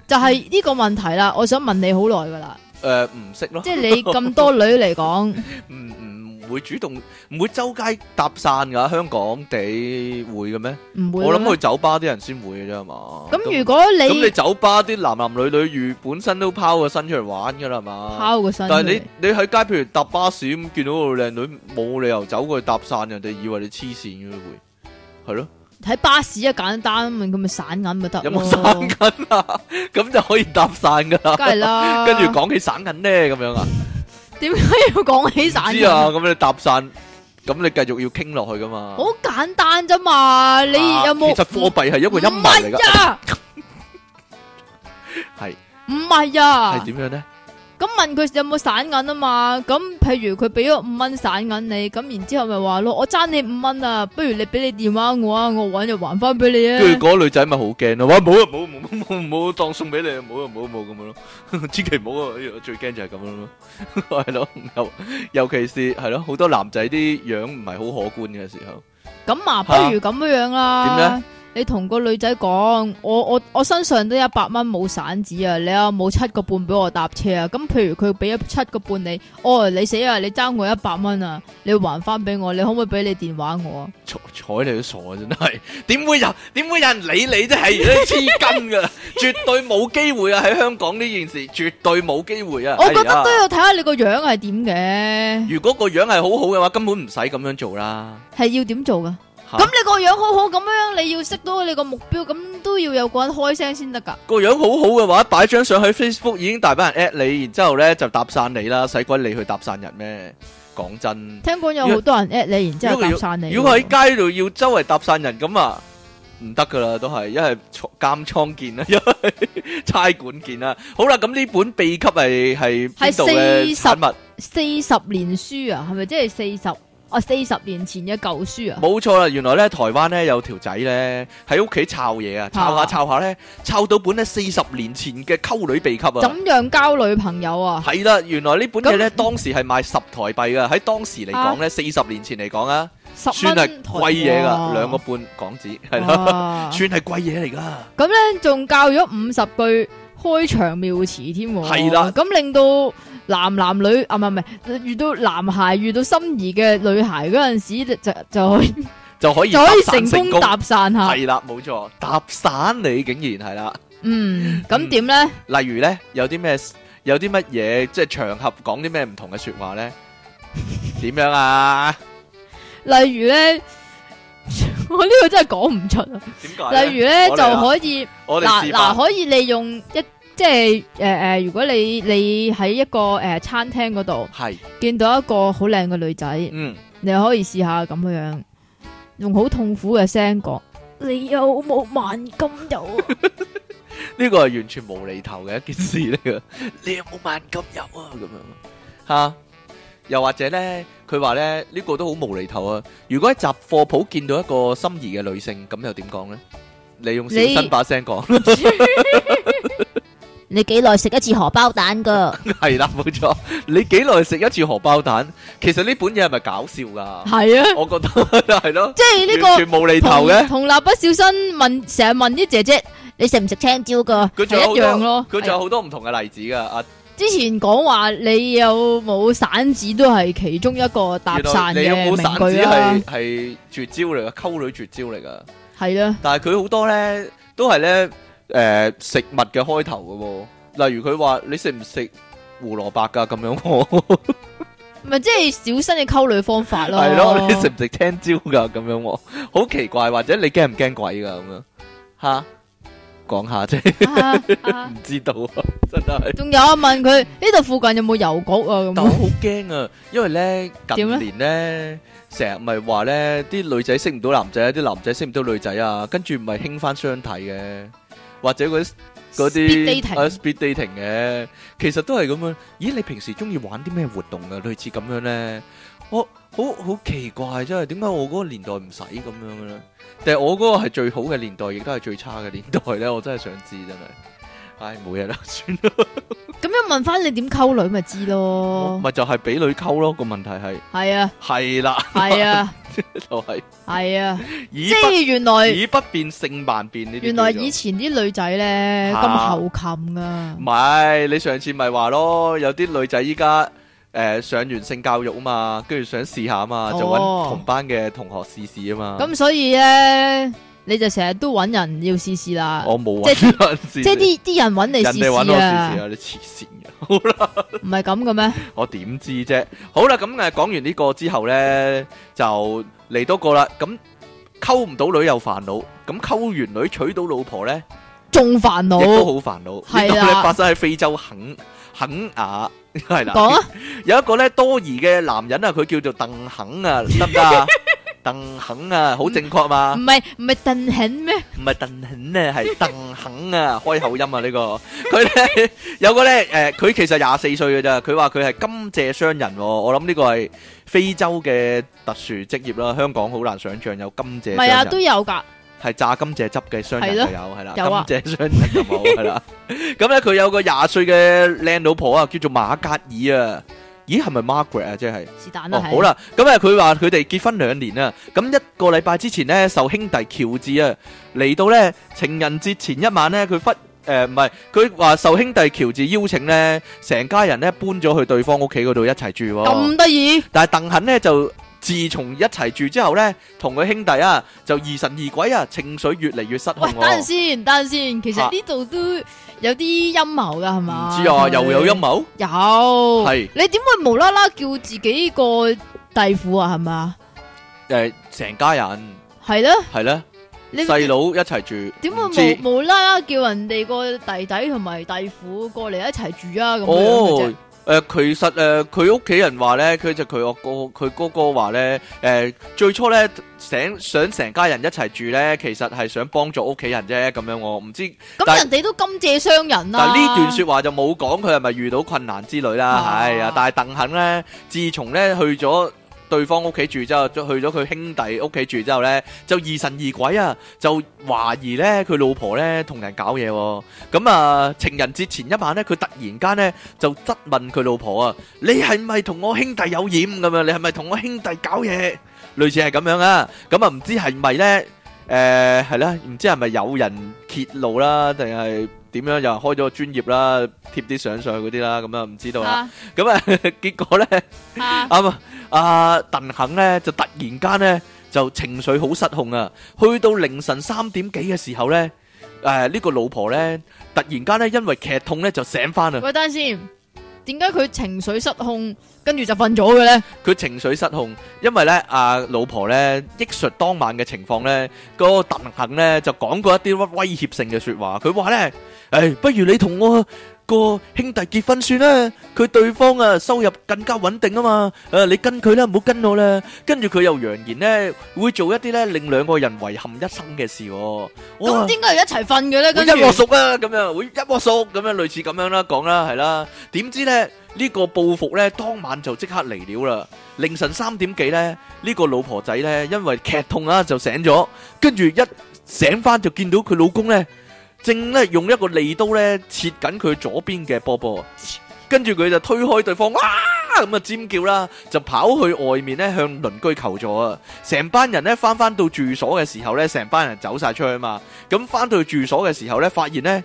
就係呢個問題啦。我想問你好耐噶啦，誒，唔識咯。即係你咁多女嚟講，嗯嗯。唔會主動唔會周街搭訕噶？香港地會嘅咩？唔會。我諗去酒吧啲人先會嘅啫嘛。咁如果你咁，你酒吧啲男男女女，如本身都拋個身出嚟玩噶啦，係嘛？拋個身。但係你你喺街，譬如搭巴士咁，見到個靚女，冇理由走過去搭訕，人哋以為你黐線嘅會係咯。喺巴士啊，簡單啊嘛，咁咪散銀咪得。有冇散銀啊？咁就可以搭訕噶啦。梗係啦。跟住講起散銀咧，咁樣啊？點解要講起散？知啊，咁你搭散，咁你繼續要傾落去噶嘛？好簡單啫嘛，你有冇、啊？其實貨幣係一個陰謀嚟噶，係唔係呀？係點、啊、樣咧？咁問佢有冇散銀啊嘛，咁譬如佢俾咗五蚊散銀你，咁然之後咪話咯，我爭你五蚊啊，不如你俾你電話我啊，我搵就還翻俾你啊。跟住嗰女仔咪好驚咯，話冇啊，冇，冇冇冇當送俾你，冇啊，冇冇咁樣咯， 千祈唔好啊！最驚就係咁樣咯，係咯，尤尤其是係咯，好多男仔啲樣唔係好可觀嘅時候，咁啊不如咁樣、啊、樣啦。點呢？.你同個女仔講，我我我身上都一百蚊冇散紙啊！你有冇七個半俾我搭車啊？咁譬如佢俾咗七個半你，哦你死啊！你爭我一百蚊啊！你還翻俾我，你可唔可以俾你電話我？睬你都傻啊真係，點會有人點會有人理你，真係啲黐筋噶，絕對冇機會啊！喺香港呢件事絕對冇機會啊！我覺得都要睇下你個樣係點嘅。如果個樣係好好嘅話，根本唔使咁樣做啦。係要點做噶？咁、啊、你個樣好好，咁樣你要識到你個目標，咁都要有個人開聲先得噶。個樣好好嘅話，擺張相喺 Facebook 已經大班人 at 你，然之後咧就搭訕你啦，使鬼你去搭訕人咩？講真，聽講有好多人 at 你，然之後搭訕你。要喺街度要周圍搭訕人咁啊，唔得噶啦，都係一係監倉見啦，一係差館見啦。好啦，咁呢本秘笈係係四十物四十年書啊，係咪即係四十？啊！四十年前嘅舊書啊，冇錯啦。原來咧，台灣咧有條仔咧喺屋企抄嘢啊，抄下抄下咧，抄到本咧四十年前嘅《溝女秘笈》啊。怎樣交女朋友啊？係啦，原來呢本嘢咧當時係賣十台幣噶，喺當時嚟講咧，四十、啊、年前嚟講 10 元 啊，哇算係貴嘢噶，兩個半港紙係咯，算係貴嘢嚟噶。咁咧仲教咗五十句。開場妙詞添，係啦的，咁令到男男女啊，唔係唔係，遇到男孩遇到心儀嘅女孩嗰陣時，就就可以，就可以成功搭訕下。係啦，冇錯，搭訕你竟然係啦。嗯，咁點咧？例如咧，有啲咩，有啲乜嘢，即係場合講啲咩唔同嘅說話咧？點 樣啊？例如咧。我呢個真係講唔出啊！點解？例如咧就可以，嗱嗱可以利用一即係誒誒，如果你你喺一個誒餐廳嗰度，係見到一個好靚嘅女仔，嗯，你又可以試下咁樣，用好痛苦嘅聲講，你有冇萬金油啊？呢個係完全無厘頭嘅一件事嚟噶，你有冇萬金油啊？咁樣吓，又或者咧？佢話咧呢個都好無厘頭啊！如果喺雜貨鋪見到一個心儀嘅女性，咁又點講咧？你用小新把聲講，你幾耐食一次荷包蛋噶？係啦，冇錯，你幾耐食一次荷包蛋？其實呢本嘢係咪搞笑噶？係啊，我覺得係咯，即係呢個完全無厘頭嘅。同蠟筆小新問，成日問啲姐姐你食唔食青椒噶？佢一樣咯，佢仲有好多唔同嘅例子噶，啊！之前講話，你有冇散紙都係其中一個搭訕，你有冇散紙啦，係絕招嚟嘅，溝女絕招嚟噶，係啊的，但係佢好多咧，都係咧，誒、呃，食物嘅開頭噶、啊，例如佢話你食唔食胡蘿蔔噶，咁樣，咪即係小新嘅溝女方法咯。係咯， 你食唔食青椒噶，咁樣，好奇怪，或者你驚唔驚鬼噶、啊，咁樣，吓。講下啫，唔知道啊，真係。仲有啊，問佢呢度附近有冇郵局啊？咁我好驚啊，因為咧近年咧成日咪話咧啲女仔識唔到男仔，啲男仔識唔到女仔啊，跟住唔係興翻相睇嘅，或者嗰啲嗰啲 speed dating 嘅，其實都係咁樣。咦，你平時中意玩啲咩活動啊？類似咁樣咧，我。好好奇怪，真係，點解我嗰個年代唔使咁樣嘅咧？定係我嗰個係最好嘅年代，亦都係最差嘅年代咧，我真係想知，真係。唉，冇嘢啦，算啦。咁樣問翻你點溝女咪知咯？咪就係俾女溝咯，個問題係。係啊。係啦。係啊。就係不。係啊。即係原來以不變勝萬變呢？原來以前啲女仔咧咁後擒啊。唔係，你上次咪話咯，有啲女仔依家。誒、呃，上完性教育啊嘛，跟住想試下啊嘛，oh. 就搵同班嘅同學試試啊嘛。咁所以咧，你就成日都搵人要試試啦。我冇即係即係啲啲人搵嚟人哋搵我試試啊！你黐線嘅，好啦，唔係咁嘅咩？我點知啫？好啦，咁誒，講完呢個之後咧，就嚟多個啦。咁溝唔到女有煩惱，咁溝完女娶到老婆咧，仲煩惱，亦都好煩惱。係、啊、你發生喺非洲肯肯雅。講啊，有一個咧多疑嘅男人啊，佢叫做鄧肯啊，得唔得啊？鄧肯啊，好正確嘛？唔係唔係鄧肯咩？唔係鄧肯啊，係鄧肯啊，開口音啊呢個。佢咧有個咧誒，佢其實廿四歲嘅咋，佢話佢係甘蔗商人，我諗呢個係非洲嘅特殊職業啦，香港好難想象有甘蔗。係啊，都有噶。係炸甘蔗汁嘅商人就有，係啦，甘蔗商人就冇，係啦。咁咧佢有個廿歲嘅靚老婆啊，叫做瑪格爾啊。咦，係咪 Margaret 啊？即係是但啊。好啦，咁啊佢話佢哋結婚兩年啦。咁一個禮拜之前咧，受兄弟喬治啊嚟到咧情人節前一晚咧，佢忽誒，唔係，佢話受兄弟喬治邀請咧，成家人咧搬咗去對方屋企嗰度一齊住，咁得意。但係鄧肯咧就。自從一齊住之後咧，同佢兄弟啊就疑神疑鬼啊，情緒越嚟越失控啊。喂，等陣先，等陣先。其實呢度啊、都有啲陰謀噶係嘛？唔知啊，是又有陰謀？有係。是你點會無啦啦叫自己個弟婦啊？係嘛？誒、呃，成家人係咧，係咧，細佬一齊住。點會無啦啦叫人哋個弟弟同埋弟婦過嚟一齊住啊？咁誒、呃，其實誒，佢屋企人話咧，佢就佢我哥，佢哥哥話咧，誒、呃，最初咧想想成家人一齊住咧，其實係想幫助屋企人啫，咁樣我唔知。咁、嗯、但人哋都甘借商人啦、啊。但呢段說話就冇講佢係咪遇到困難之類啦，係啊，但係鄧肯咧，自從咧去咗。對方屋企住之後，去咗佢兄弟屋企住之後咧，就疑神疑鬼啊，就懷疑咧佢老婆咧同人搞嘢。咁啊，情人節前一晚咧，佢突然間咧就質問佢老婆啊：你係咪同我兄弟有染咁啊？你係咪同我兄弟搞嘢？類似係咁樣啊。咁啊，唔知係咪咧？誒，係啦，唔知係咪有人揭露啦，定係？點樣又開咗個專業啦，貼啲相上去嗰啲啦，咁啊唔知道啊，咁啊結果咧，阿阿鄧肯咧就突然間咧就情緒好失控啊，去到凌晨三點幾嘅時候咧，誒呢個老婆咧突然間咧因為劇痛咧就醒翻。啦喂，等先。點解佢情緒失控，跟住就瞓咗嘅咧？佢情緒失控，因為咧，阿、啊、老婆咧，憶述當晚嘅情況咧，那個鄧肯咧就講過一啲威脅性嘅說話，佢話咧，誒、欸，不如你同我個兄弟結婚算啦，佢對方啊收入更加穩定啊嘛，誒你跟佢啦，唔好跟我啦，跟住佢又揚言咧，會做一啲咧令兩個人遺憾一生嘅事。咁點解要一齊瞓嘅咧？一鑊熟啊，咁樣會一鑊熟，咁樣類似咁樣啦，講啦係啦。點知咧，呢個報復咧當晚就即刻嚟了啦。凌晨三點幾咧，呢個老婆仔咧因為劇痛啊就醒咗，跟住一醒翻就見到佢老公咧。正咧用一個利刀咧切緊佢左邊嘅波波，跟住佢就推開對方，哇，咁就尖叫啦，就跑去外面咧向鄰居求助啊！成班人咧翻翻到住所嘅時候咧，成班人走晒出去啊嘛，咁翻到住所嘅時候咧，發現咧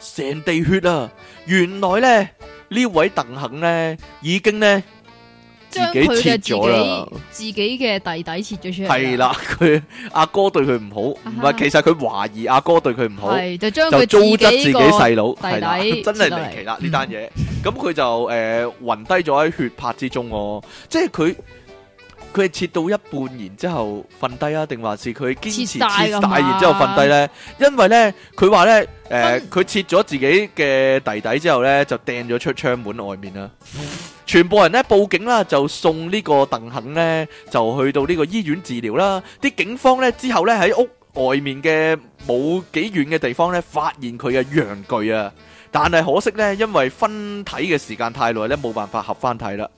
成地血啊！原來咧呢位鄧肯咧已經咧。自己切咗啦，自己嘅弟弟切咗出嚟。係啦，佢阿哥對佢唔好，唔係其實佢懷疑阿哥對佢唔好，就糟質自己細佬弟弟，真係離奇啦呢單嘢。咁佢就誒暈低咗喺血泊之中哦，即係佢佢係切到一半，然之後瞓低啊，定還是佢堅持切大，然之後瞓低咧？因為咧，佢話咧，誒，佢切咗自己嘅弟弟之後咧，就掟咗出窗門外面啦。全部人咧報警啦，就送呢個鄧肯咧，就去到呢個醫院治療啦。啲警方咧之後咧喺屋外面嘅冇幾遠嘅地方咧，發現佢嘅陽具啊，但係可惜咧，因為分體嘅時間太耐咧，冇辦法合翻體啦，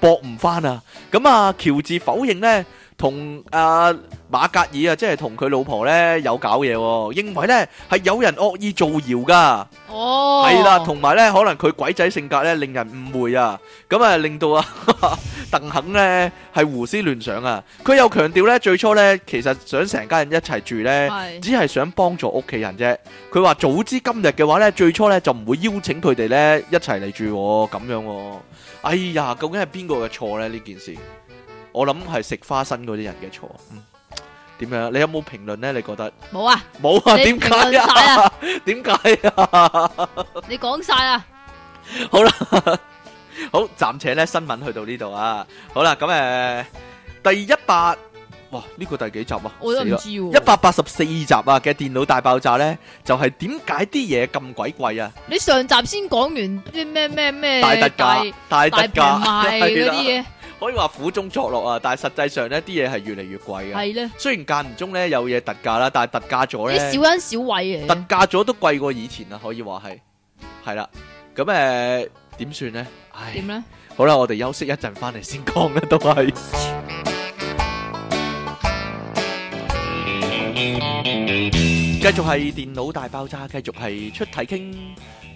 博唔翻啊！咁啊，喬治否認咧。同阿、啊、馬格爾啊，即係同佢老婆呢，有搞嘢、啊，認為呢係有人惡意造謠㗎，係啦、哦，同埋呢可能佢鬼仔性格呢令人誤會啊，咁啊令到啊， 鄧肯呢係胡思亂想啊。佢又強調呢，最初呢其實想成家人一齊住呢，是只係想幫助屋企人啫。佢話早知今日嘅話呢，最初呢就唔會邀請佢哋呢一齊嚟住咁、啊、樣、啊。哎呀，究竟係邊個嘅錯呢？呢件事？我諗係食花生嗰啲人嘅錯，嗯，點樣？你有冇評論咧？你覺得？冇啊，冇啊，點解啊？點解啊？你講晒啊，好啦，好，暫且咧，新聞去到呢度啊，好啦，咁誒，第一百，哇，呢個第幾集啊？我都唔知，一百八十四集啊嘅電腦大爆炸咧，就係點解啲嘢咁鬼貴啊？你上集先講完啲咩咩咩咩大特價、大特價賣嗰啲嘢。可以話苦中作樂啊，但係實際上呢啲嘢，係越嚟越貴嘅。係咧呢，雖然間唔中咧，有嘢特價啦，但係特價咗咧，少恩少惠啊，特價咗都貴過以前啊。可以話係係啦。咁誒點算呢？唉，點咧？好啦，我哋休息一陣，翻嚟先講啦，都係。繼 續係電腦大爆炸，繼續係出體傾。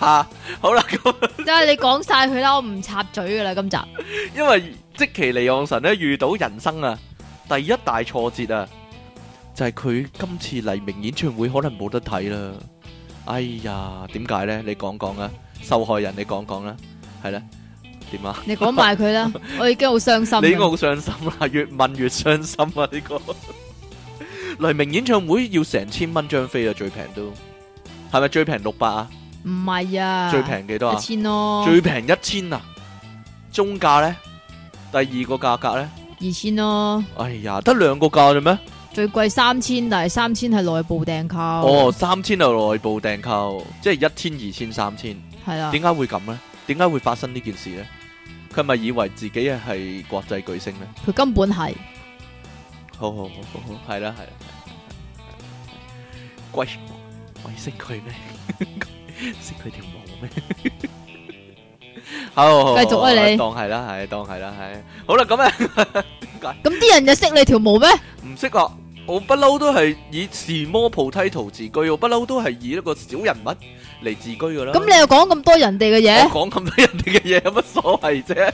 吓，好啦，即係你講晒佢啦，我唔插嘴噶啦，今集。因為積淇離岸神咧遇到人生啊第一大挫折啊，就係佢今次黎明演唱會可能冇得睇啦。哎呀，點解咧？你講講啊，受害人你講講啦，係啦點啊？你講埋佢啦，我已經好傷心。你已經好傷心啊，越問越傷心啊，呢個黎明演唱會要成千蚊張飛啊，最平都係咪最平六百啊？唔係啊，最平幾多啊？一千咯，最平一千啊。中價咧，第二個價格咧，二千咯。哎呀，得兩個價啫咩？最貴三千，但係三千係內部訂購。哦，三千係內部訂購，即係一千、二千、三千。係啊啦，點解會咁咧？點解會發生呢件事咧？佢咪以為自己係國際巨星咧？佢根本係。好好好好好，係啦係啦。貴，貴星佢咩？ 識佢條毛咩？好，繼續啊！你當係啦，係當係啦，係好啦，咁啊，點解？咁啲人就識你條毛咩？唔識啊！我不嬲都係以 small potato 自居，我不嬲都係以一個小人物嚟自居噶啦。咁你又講咁多人哋嘅嘢？我講咁多人哋嘅嘢有乜所謂啫？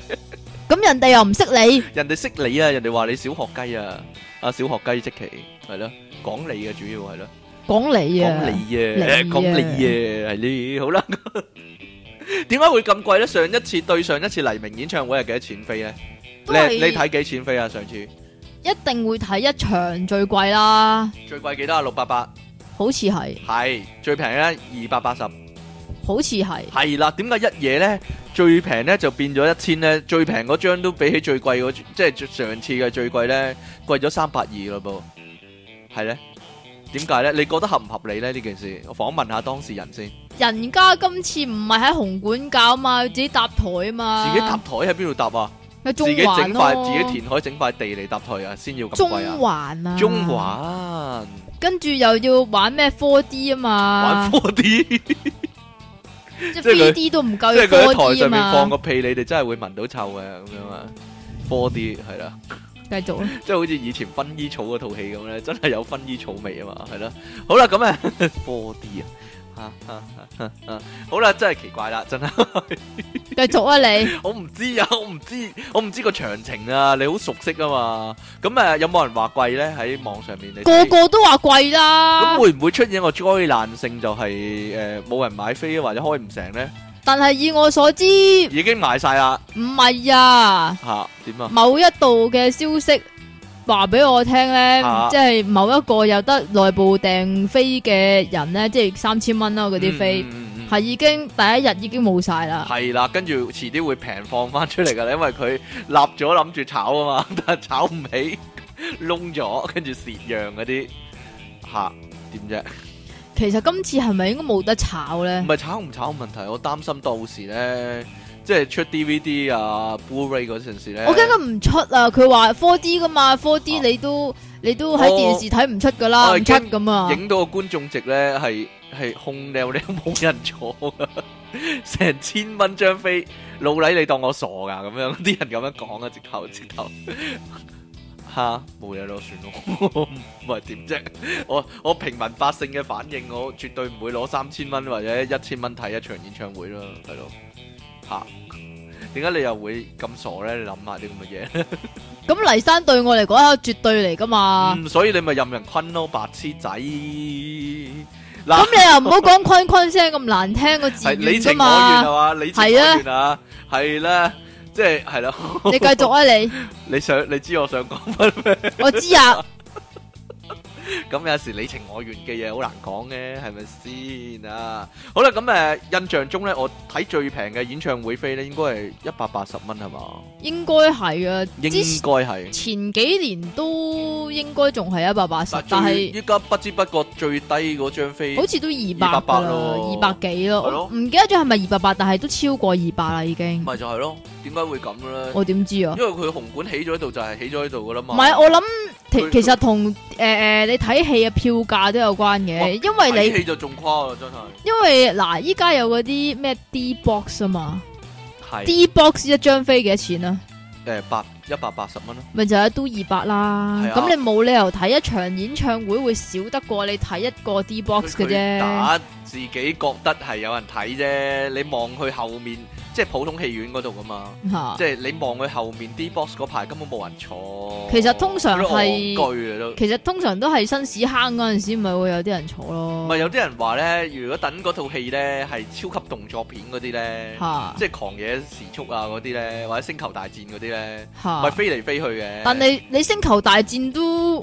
咁人哋又唔識你？人哋識你啊！人哋話你小學雞啊！啊，小學雞即奇係咯，講你嘅主要係咯。講你啊，講你啊，講你啊，係呢好啦。點解會咁貴咧？上一次對上一次黎明演唱會係幾多錢飛咧？你你睇幾錢飛啊？上次一定會睇一場最貴啦。最貴幾多啊？六百八，好似係。係最平咧二百八十，好似係。係啦，點解一夜咧最平咧就變咗一千咧？最平嗰張都比起最貴嗰張即係上次嘅最貴咧貴咗三百二咯噃，係咧。點解咧？你覺得合唔合理咧？呢件事我訪問下當事人先。人家今次唔係喺紅館搞嘛，自己搭台啊嘛。自己搭台喺邊度搭啊？喺中環啊，自己整塊，自己填海整塊地嚟搭台啊，先要咁貴啊？中環啊？中環、啊。中環跟住又要玩咩 four D 啊嘛？玩 four D， 即係 three D 都唔夠，即係佢台上面放個屁，嗯、你哋真係會聞到臭嘅，咁樣啊，four D 係啦。 繼續啊！ 即係好似以前薰衣草嗰套戲咁咧，真係有薰衣草味啊嘛，係咯。好啦，咁啊，four D 啊，吓吓吓吓，好啦，真係奇怪啦，真係。繼續啊你！我唔知啊，我唔知，我唔知，我唔知個詳情啊。你好熟悉啊嘛。咁啊、呃，有冇人話貴咧？喺網上面，你，個個都話貴啦。咁會唔會出現一個災難性、就係，就係誒冇人買飛或者開唔成咧？但係以我所知，已經賣晒啦。唔係啊，吓點啊？啊，某一度嘅消息話俾我聽咧，啊、即係某一個有得內部訂飛嘅人咧，即係三千蚊啦嗰啲飛，係、嗯嗯嗯、已經第一日已經冇晒啦。係啦、嗯，跟住遲啲會平放翻出嚟噶啦，因為佢立咗諗住炒啊嘛，但係炒唔起，窿咗，跟住蝕讓嗰啲吓點啫？啊其實今次係咪應該冇得炒咧？唔係炒唔炒嘅問題，我擔心到時咧，即係出 DVD 啊 Blu-ray 嗰陣時咧、啊，我驚佢唔出啊！佢話 4D 噶嘛，4D 你都你都喺電視睇唔出噶啦，唔出咁啊！影到個觀眾席咧係係空你你都冇人坐成 千蚊張飛老禮，你當我傻噶咁樣，啲人咁樣講啊，直頭直頭。 吓，冇嘢咯，算咯，唔係點啫？我我平民百姓嘅反應，我絕對唔會攞三千蚊或者一千蚊睇一場演唱會咯，係咯？吓，點解你又會咁傻咧？你諗下啲咁嘅嘢。咁黎山對我嚟講，絕對嚟噶嘛？所以你咪任人昆咯，白痴仔。嗱，咁你又唔好講坤坤聲咁難聽個字。係你情我願係嘛？係啊，係啦。即係係咯，你繼續啊！你你想你知我想講乜咩？我知啊。咁有時你情我願嘅嘢，好難講嘅，係咪先啊？好啦，咁誒，印象中咧，我睇最平嘅演唱會飛咧，應該係一百八十蚊係嘛？應該係啊，應該係。前幾年都應該仲係一百八十，但係依家不知不覺最低嗰張飛，好似都二百八咯，二百幾咯，唔記得咗係咪二百八？但係都超過二百啦，已經。咪就係咯。點解會咁咧、啊？我點知啊？因為佢紅館起咗喺度就係起咗喺度噶啦嘛。唔係，我諗其實同誒誒你睇戲嘅票價都有關嘅，嘩因為你睇戲就仲誇張真係。因為嗱，依家有嗰啲咩 D box 啊嘛是，D box 一張飛幾多錢啊？誒、呃，百一百八十蚊咯。咪就係都二百啦。咁、啊、你冇理由睇一場演唱會會少得過你睇一個 D box 嘅啫。打自己覺得係有人睇啫，你望去後面。即係普通戲院嗰度噶嘛，嗯、即係你望佢後面啲 D box 嗰排，根本冇人坐。其實通常係，其實通常都係新市坑嗰陣時，咪會有啲人坐咯。咪有啲人話咧，如果等嗰套戲咧係超級動作片嗰啲咧，啊、即係狂野時速啊嗰啲咧，或者星球大戰嗰啲咧，咪、啊、飛嚟飛去嘅。但你你星球大戰都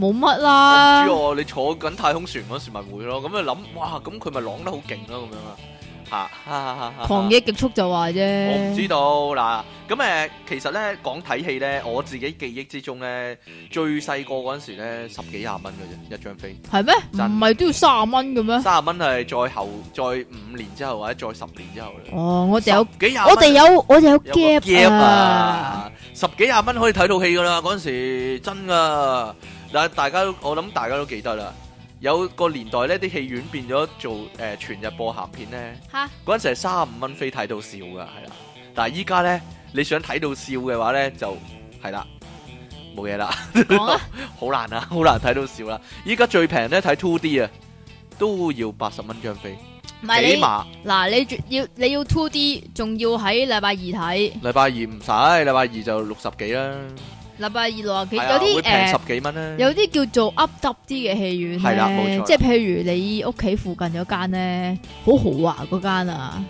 冇乜啦。唔知、啊、你坐緊太空船嗰時咪會咯？咁啊諗，哇！咁佢咪浪得好勁咯，咁樣啊。吓行業極速就話啫，我唔知道嗱。咁誒，其實咧講睇戲咧，我自己記憶之中咧，最細個嗰陣時咧，十幾廿蚊嘅啫一張飛，係咩？唔係都要卅蚊噉樣？卅蚊係再後再五年之後或者再十年之後咧。哦，我哋有幾廿，我哋有我哋有 gap 啊！十幾廿蚊可以睇到戲噶啦，嗰陣時真噶。嗱，大家都我諗大家都記得啦。有個年代呢啲戲院變咗做誒、呃、全日播鹹片咧，嗰陣哈時係三十五蚊飛睇到笑噶，係啦。但係依家咧，你想睇到笑嘅話咧，就係啦，冇嘢啦，好吧 難啊，好難睇到笑啦。依家最平咧睇 two D 啊，都要八十蚊張飛，唔係起碼嗱你，你，你要你要 two D，仲要喺禮拜二睇，禮拜二唔使，禮拜二就六十幾啦。嗱，禮拜二六啊，幾有啲誒，有啲叫做 up up 啲嘅戲院冇咧，即係譬如你屋企附近嗰間咧，好豪華啊嗰間啊，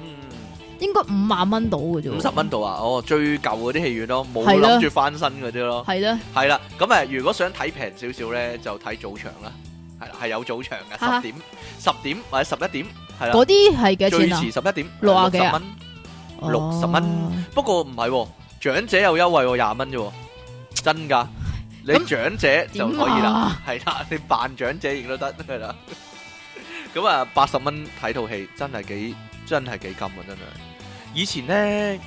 應該五萬蚊到嘅啫，五十蚊度啊！哦，最舊嗰啲戲院咯，冇諗住翻身嗰啲咯，係咯，係啦。咁啊，如果想睇平少少咧，就睇早場啦，係係有早場嘅，十點、十點或者十一點，係啦。嗰啲係幾多錢啊？最遲十一點，六啊幾蚊，六十蚊。不過唔係，長者有優惠喎，廿蚊啫喎。真噶，你長者就可以啦，係啦、嗯啊，你扮長者亦都得係啦。咁啊，八十蚊睇套戲真係幾真係幾金啊！真係，以前咧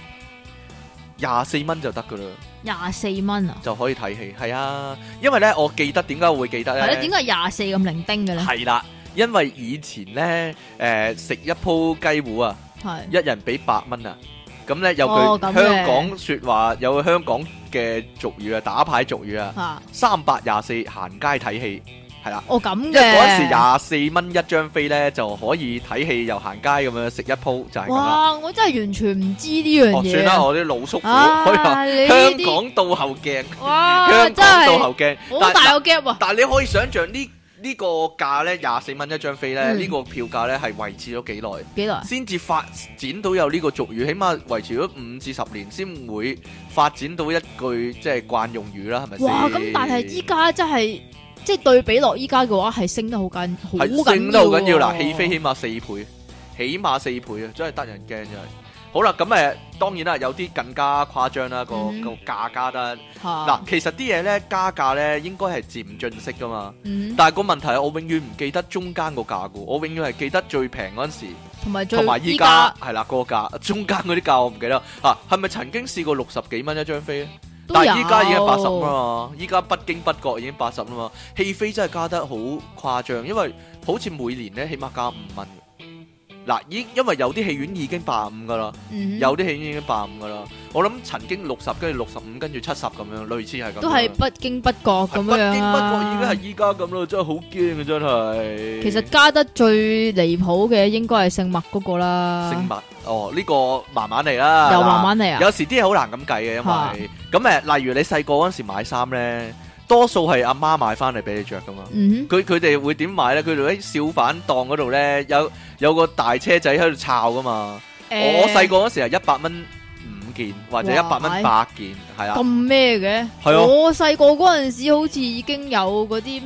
廿四蚊就得噶啦，廿四蚊啊，就可以睇戲係啊。因為咧，我記得點解會記得咧？點解廿四咁零丁嘅咧？係啦，因為以前咧，誒、呃、食一鋪雞糊啊，係的一人俾八蚊啊，咁咧有句、哦、香港說話有個香港。嘅俗語啊，打牌俗語啊，三八廿四行街睇戲係啦。哦咁嘅，因為嗰時廿四蚊一張飛咧，就可以睇戲又行街咁樣，食一鋪就係咁啦。哇！我真係完全唔知呢樣嘢。算啦，我啲老叔父，可以香港倒後鏡，哇香港倒後鏡，好真是 但大個 gap、啊。但係你可以想象呢？呢個價咧廿四蚊一張飛咧，呢、嗯、個票價咧係維持咗幾耐？幾耐先至發展到有呢個俗語？起碼維持咗五至十年先會發展到一句即係、就是、慣用語啦，係咪？哇！咁但係依家真係即係對比落依家嘅話，係升得好緊，好緊要。升得好緊要喇，戲飛起碼四倍，起碼四倍啊！真係得人驚，真係。好啦，咁誒當然啦，有啲更加誇張啦，個、嗯、個價加得。嗱、啊，其實啲嘢咧加價咧應該係漸進式噶嘛。嗯、但係個問題我永遠唔記得中間個價嘅，我永遠係記得最平嗰陣時，同埋依家係啦、個價，中間嗰啲價我唔記得。嚇、啊，係咪曾經試過六十幾蚊一張飛？但係依家已經八十啊嘛，依家有不經不覺已經八十啊嘛。戲飛真係加得好誇張，因為好似每年咧起碼加五蚊。嗱，已因為有啲戲院已經八五噶啦，mm hmm. 有啲戲院已經八五噶啦。我諗曾經六十，跟住六十五，跟住七十咁樣，類似係咁。都係不經不覺咁樣啊！不經不覺已經係依家咁咯，真係好驚啊！真係。其實加得最離譜嘅應該係姓麥嗰個啦。姓麥，哦呢個慢慢嚟啦。又慢慢嚟啊！有時啲嘢好難咁計嘅，因為咁誒， 例如你細個嗰陣時買衫咧。多數係阿媽買翻嚟俾你着噶嘛，佢佢哋會點買咧？佢哋喺小販檔嗰度咧，有有個大車仔喺度抄噶嘛。欸、我細個嗰時係一百蚊五件或者一百蚊八件，係哇啊。咁咩嘅？係啊。我細個嗰陣時好似已經有嗰啲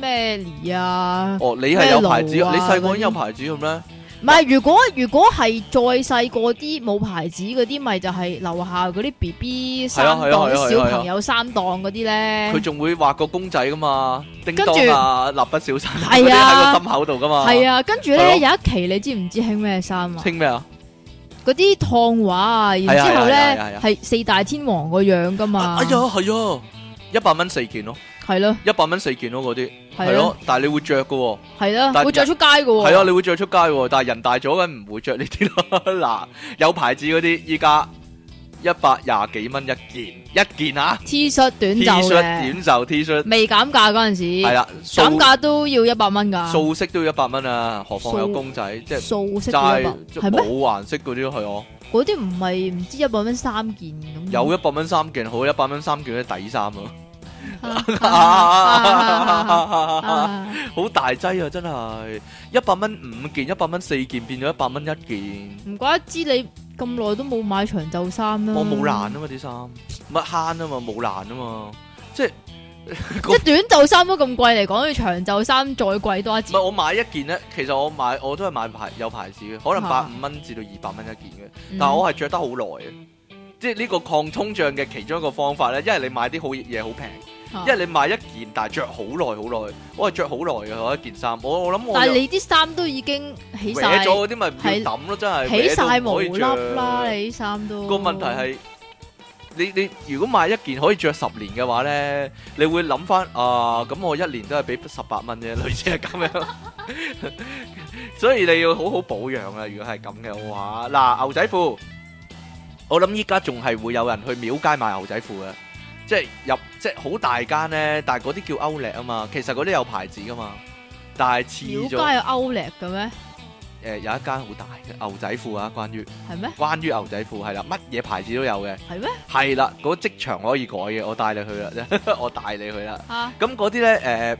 咩啊？哦，你係有牌子，啊、你細個已經有牌子咁啦。唔係 ads?，如果如果係再細個啲冇牌子嗰啲，咪就係樓下嗰啲 B B 衫檔，哎哎、小朋友衫檔嗰啲咧。佢、哎、仲會畫個公仔噶，啊、嘛，叮當啊，蠟筆小新嗰啲喺個心口度噶嘛。係啊，哎哎，跟住咧，哎、有一期你知唔知興咩衫啊？興咩啊？嗰啲燙畫啊，然後之後咧係四大天王個樣噶嘛。哎呀，係，啊、呀，一百蚊四件咯，係咯，啊，一百蚊四件咯，嗰啲。係咯，但係你會着噶喎，係啦，會着出街噶喎。係咯，你會着出街喎，但係人大咗梗唔會着呢啲啦。嗱，有牌子嗰啲，依家一百廿幾蚊一件，一件啊，T 恤短袖嘅，T 恤短袖 T 恤，未減價嗰陣時，係啦，減價都要一百蚊噶，素色都要一百蚊啊，何況有公仔，即係素色，係咩？冇顏色嗰啲係我，嗰啲唔係唔知一百蚊三件咁，有一百蚊三件好，一百蚊三件啲底衫啊。好大劑啊！真係一百蚊五件，一百蚊四件變咗一百蚊一件。唔怪得知你咁耐都冇買長袖衫啦。我冇爛啊嘛，啲衫乜慳啊嘛，冇爛啊嘛，就是、 即係即短袖衫都咁貴嚟講，要長袖衫再貴多一，唔係我買一件咧，其實我買我都係買有牌有牌子嘅，可能百五蚊至到二百蚊一件嘅， 但係我係着得好耐嘅，嗯、即係呢個抗通脹嘅其中一個方法咧，因為你買啲好嘢好平。因為你買一件，但係着好耐好耐，我係着好耐嘅我一件衫，我我諗我。但係你啲衫都已經起晒咗嗰啲，咪唔要抌咯，真係起晒毛粒啦！你啲衫都個問題係你你如果買一件可以着十年嘅話咧，你會諗翻，啊咁我一年都係俾十八蚊啫，類似係咁樣，所以你要好好保養啊！如果係咁嘅話，嗱，牛仔褲，我諗依家仲係會有人去廟街買牛仔褲嘅。即係入即係好大間咧，但係嗰啲叫 Outlet 啊嘛，其實嗰啲有牌子噶嘛，但係次做。條街有 Outlet 嘅咩？誒、呃，有一間好大嘅牛仔褲啊，關於係咩？嗎關於牛仔褲係啦，乜嘢牌子都有嘅。係咩嗎？係啦，嗰、那、職、個、場可以改嘅，我帶你去啦 我帶你去啦。咁嗰啲咧，誒、呃，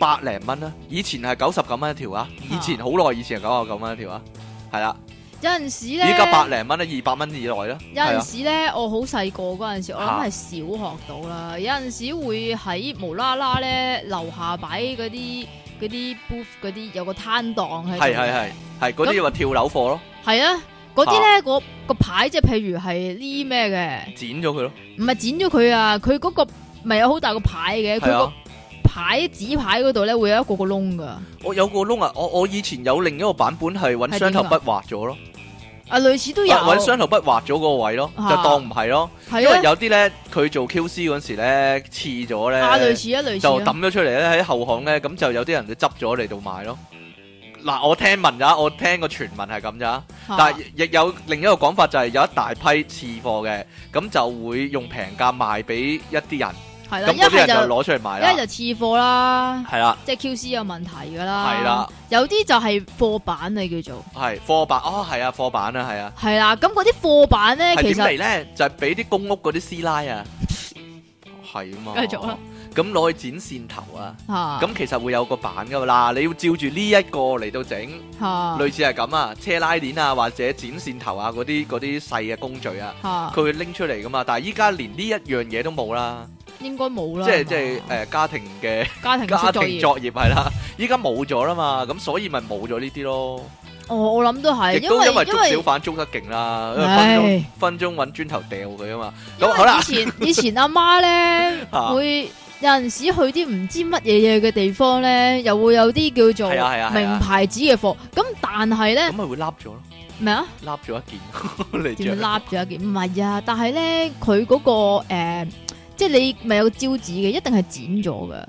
百零蚊啦，以前係九十九蚊一條啊，以前好耐、啊、以前係九十九蚊一條啊，係啦、啊。有陣時咧，依家百零蚊啦，二百蚊以內啦是、啊。有陣時咧，我好細個嗰陣時，我諗係小學到啦。有陣時會喺無啦啦咧，樓下擺嗰啲嗰啲 booth 嗰啲有個攤檔係。係係係係，嗰啲叫話跳樓貨咯。係啊，嗰啲咧個牌，即係譬如係呢咩嘅，剪咗佢咯。唔係剪咗佢是啊，佢嗰個咪有好大個牌嘅，佢個。紙牌紙牌嗰度咧會有一個個窿噶，我、哦、有個窿啊！我我以前有另一個版本係揾雙頭筆畫咗咯，啊類似都有，揾雙、啊、頭筆畫咗個位咯，啊、就當唔係咯，因為有啲咧佢做 Q C 嗰時咧刺咗咧，啊類似啊類似，就抌咗出嚟咧喺後巷咧，咁就有啲人就執咗嚟度賣咯。嗱我聽聞咋，我聽個傳聞係咁咋，啊、但係亦有另一個講法就係有一大批次貨嘅，咁就會用平價賣俾一啲人。係啦，一係就攞出嚟賣啦，一係就次貨啦，係啦，即係 QC 有問題噶啦，係啦，有啲就係貨板你叫做，係貨板哦，係啊貨板啊係、就是、啊，係啦 的，咁嗰啲貨板咧其實咧就係俾啲公屋嗰啲師奶啊，係啊嘛，繼續啦。咁攞去剪線頭啊！咁其實會有個板噶嗱你要照住呢一個嚟，到整，類似係咁啊，車拉鏈啊，或者剪線頭啊，嗰啲嗰啲細嘅工序啊，佢會拎出嚟噶嘛。但係依家連呢一樣嘢都冇啦，應該冇啦。即係即係誒，家庭嘅家庭家庭作業係啦，依家冇咗啦嘛，咁所以咪冇咗呢啲咯。哦，我諗都係，亦都因為捉小販捉得勁啦，因為分分鐘揾磚頭掉佢啊嘛。咁好啦，以前以前阿媽咧會。有陣時去啲唔知乜嘢嘢嘅地方咧，又會有啲叫做名牌子嘅貨。咁但係咧，咁咪會笠咗咯？咩啊？笠咗一件，仲要笠咗一件？唔係 啊，但係咧，佢嗰、嗰個誒、呃，即係你咪有招紙嘅，一定係剪咗噶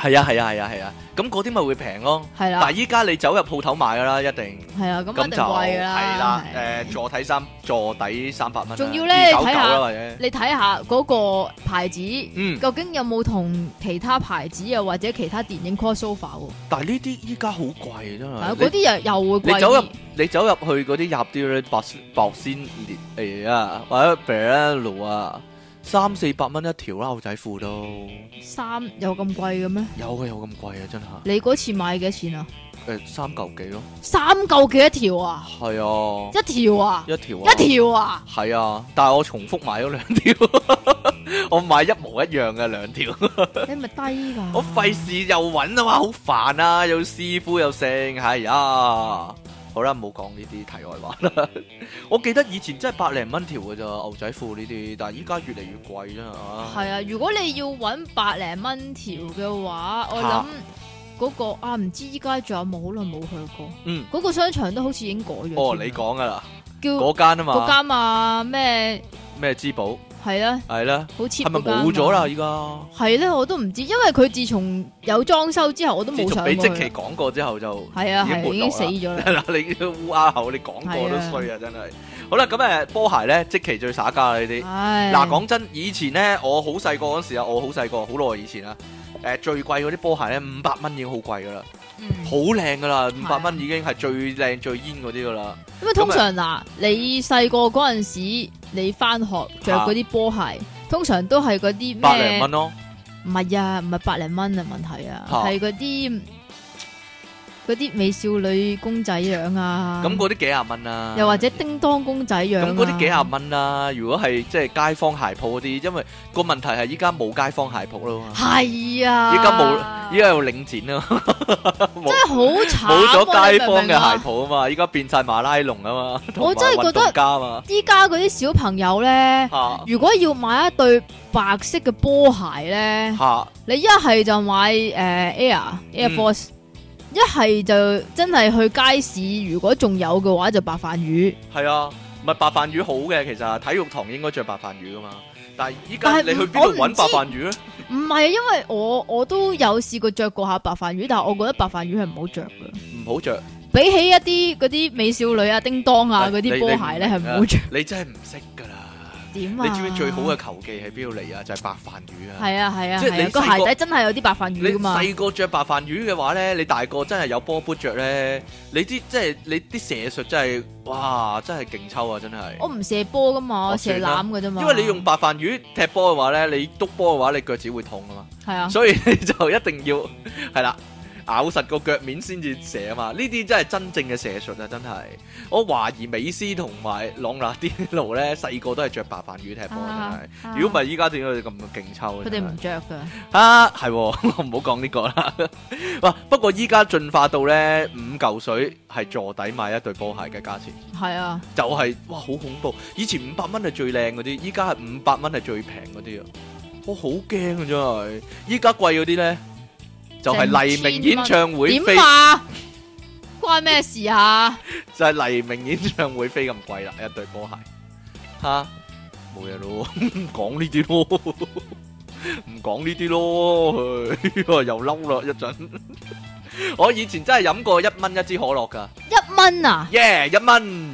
係啊係啊係啊係啊，咁嗰啲咪會平咯，但係依家你走入鋪頭買噶啦，一定係啊，咁、嗯、一定貴噶啦。係啦，誒坐睇三坐底三百蚊，仲要咧睇下你睇下嗰個牌子，究竟有冇同其他牌子啊？或者其他電影 cos sofa？ 但係呢啲依家好貴啫嘛，嗰啲又你又會貴你。你走入你走入去嗰啲入啲咧，白先先年誒啊，或者邊三四百蚊一條啦、啊，牛仔褲都三有咁貴嘅咩？有啊，有咁貴啊，真係。你嗰次買幾多錢啊？誒、欸，三嚿幾咯。三嚿幾一條啊？係啊。一條啊？一條啊？一條啊？係啊，但係我重複買咗兩條， 我買一模一樣嘅兩條。 你咪低噶？我費事又揾啊嘛，好煩啊，又試、啊、傅又剩，係啊。好啦，冇講呢啲題外話啦。 我記得以前真係百零蚊條嘅咋牛仔褲呢啲，但係依家越嚟越貴啦。係啊，如果你要搵百零蚊條嘅話，我諗嗰、嗰個啊，唔、啊、知依家仲有冇？好耐冇去過。嗯，嗰個商場都好似已經改咗。哦，你講噶啦，叫嗰間啊嘛，嗰間啊咩咩珠寶。係啦，係啦，好似係咪冇咗啦？依家係咧，我都唔知，因為佢自從有裝修之後，我都冇上。俾積淇講過之後就係啊，已經死咗啦。嗱， 你烏鴉口，你講過都衰啊，的真係。好啦，咁、呃、誒，波鞋咧，積淇最耍家啦呢啲。嗱，講的、啊、真，以前咧，我好細個嗰時啊，我好細個，好耐以前啊。誒、呃，最貴嗰啲波鞋咧，五百蚊已經好貴噶啦。好靚噶啦，五百蚊已經係最靚、嗯、最煙嗰啲噶啦。咁啊，通常嗱，你細個嗰陣時，你翻學着嗰啲波鞋，哈通常都係嗰啲咩？百零蚊咯，唔係啊，唔係百零蚊嘅問題啊，係嗰啲。嗰啲美少女公仔樣啊，咁嗰啲幾十蚊啊？又或者叮當公仔樣、啊，咁嗰啲幾十蚊啊？如果係即係街坊鞋鋪嗰啲，因為個問題係依家冇街坊鞋鋪啦嘛，係啊，依家冇，依家有領展啊，真係好慘，冇咗 街坊嘅鞋鋪啊嘛，依家變晒馬拉龍啊嘛，我真係覺得依家嗰啲小朋友咧，啊、如果要買一對白色嘅波鞋咧，啊、你一係就買誒、呃、Air Air Force、嗯。一係就真係去街市，如果仲有嘅話就白飯魚。係啊，唔係白飯魚好嘅，其實體育堂應該着白飯魚噶嘛。但係依家你去邊度搵白飯魚咧？唔係啊，因為我我都有試過着過下白飯魚，但係我覺得白飯魚係唔好着嘅，唔好着。比起一啲嗰啲美少女啊、叮當啊嗰啲波鞋咧，係唔好着。你，你真係唔識噶啦。 啊、你知唔知最好嘅球技喺邊度嚟啊？就係、是、白飯魚啊！係啊係啊，啊即係個鞋底真係有啲白飯魚噶嘛。細個着白飯魚嘅話咧，你大個真係有波砵着咧，你啲即係你啲射術真係哇，真係勁抽啊！真係。我唔射波噶嘛，我射籃噶啫嘛。因為你用白飯魚踢波嘅話咧，你篤波嘅話，你腳趾會痛噶嘛。係啊，所以你就一定要係啦。 咬實個腳面先至射啊嘛！呢啲真係真正嘅射術啊，真係！我懷疑美斯同埋朗拿啲路咧，細個都係着白飯魚踢波嘅，如果唔係依家點解咁勁抽？佢哋唔着噶。啊，係喎，我唔好講呢個啦。哇， 不過依家進化到咧，五嚿水係坐底買一對波鞋嘅價錢。係啊，就係、是、哇，好恐怖！以前五百蚊係最靚嗰啲，依家係五百蚊係最平嗰啲啊！我好驚啊，真係！依家貴嗰啲咧。就係黎明演唱會飛啊！關咩事啊？就係黎明演唱會飛咁貴啦，一對波鞋，哈，冇嘢咯，講呢啲咯，唔講呢啲咯，又嬲啦一陣。我以前真係飲過一蚊一支可樂噶，一蚊啊！耶，一蚊！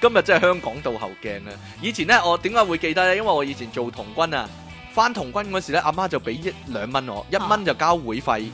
今日真係香港倒後鏡啦！以前咧，我點解會記得咧？因為我以前做童軍啊，翻童軍嗰時咧，阿媽就俾一兩蚊我，一蚊就交會費。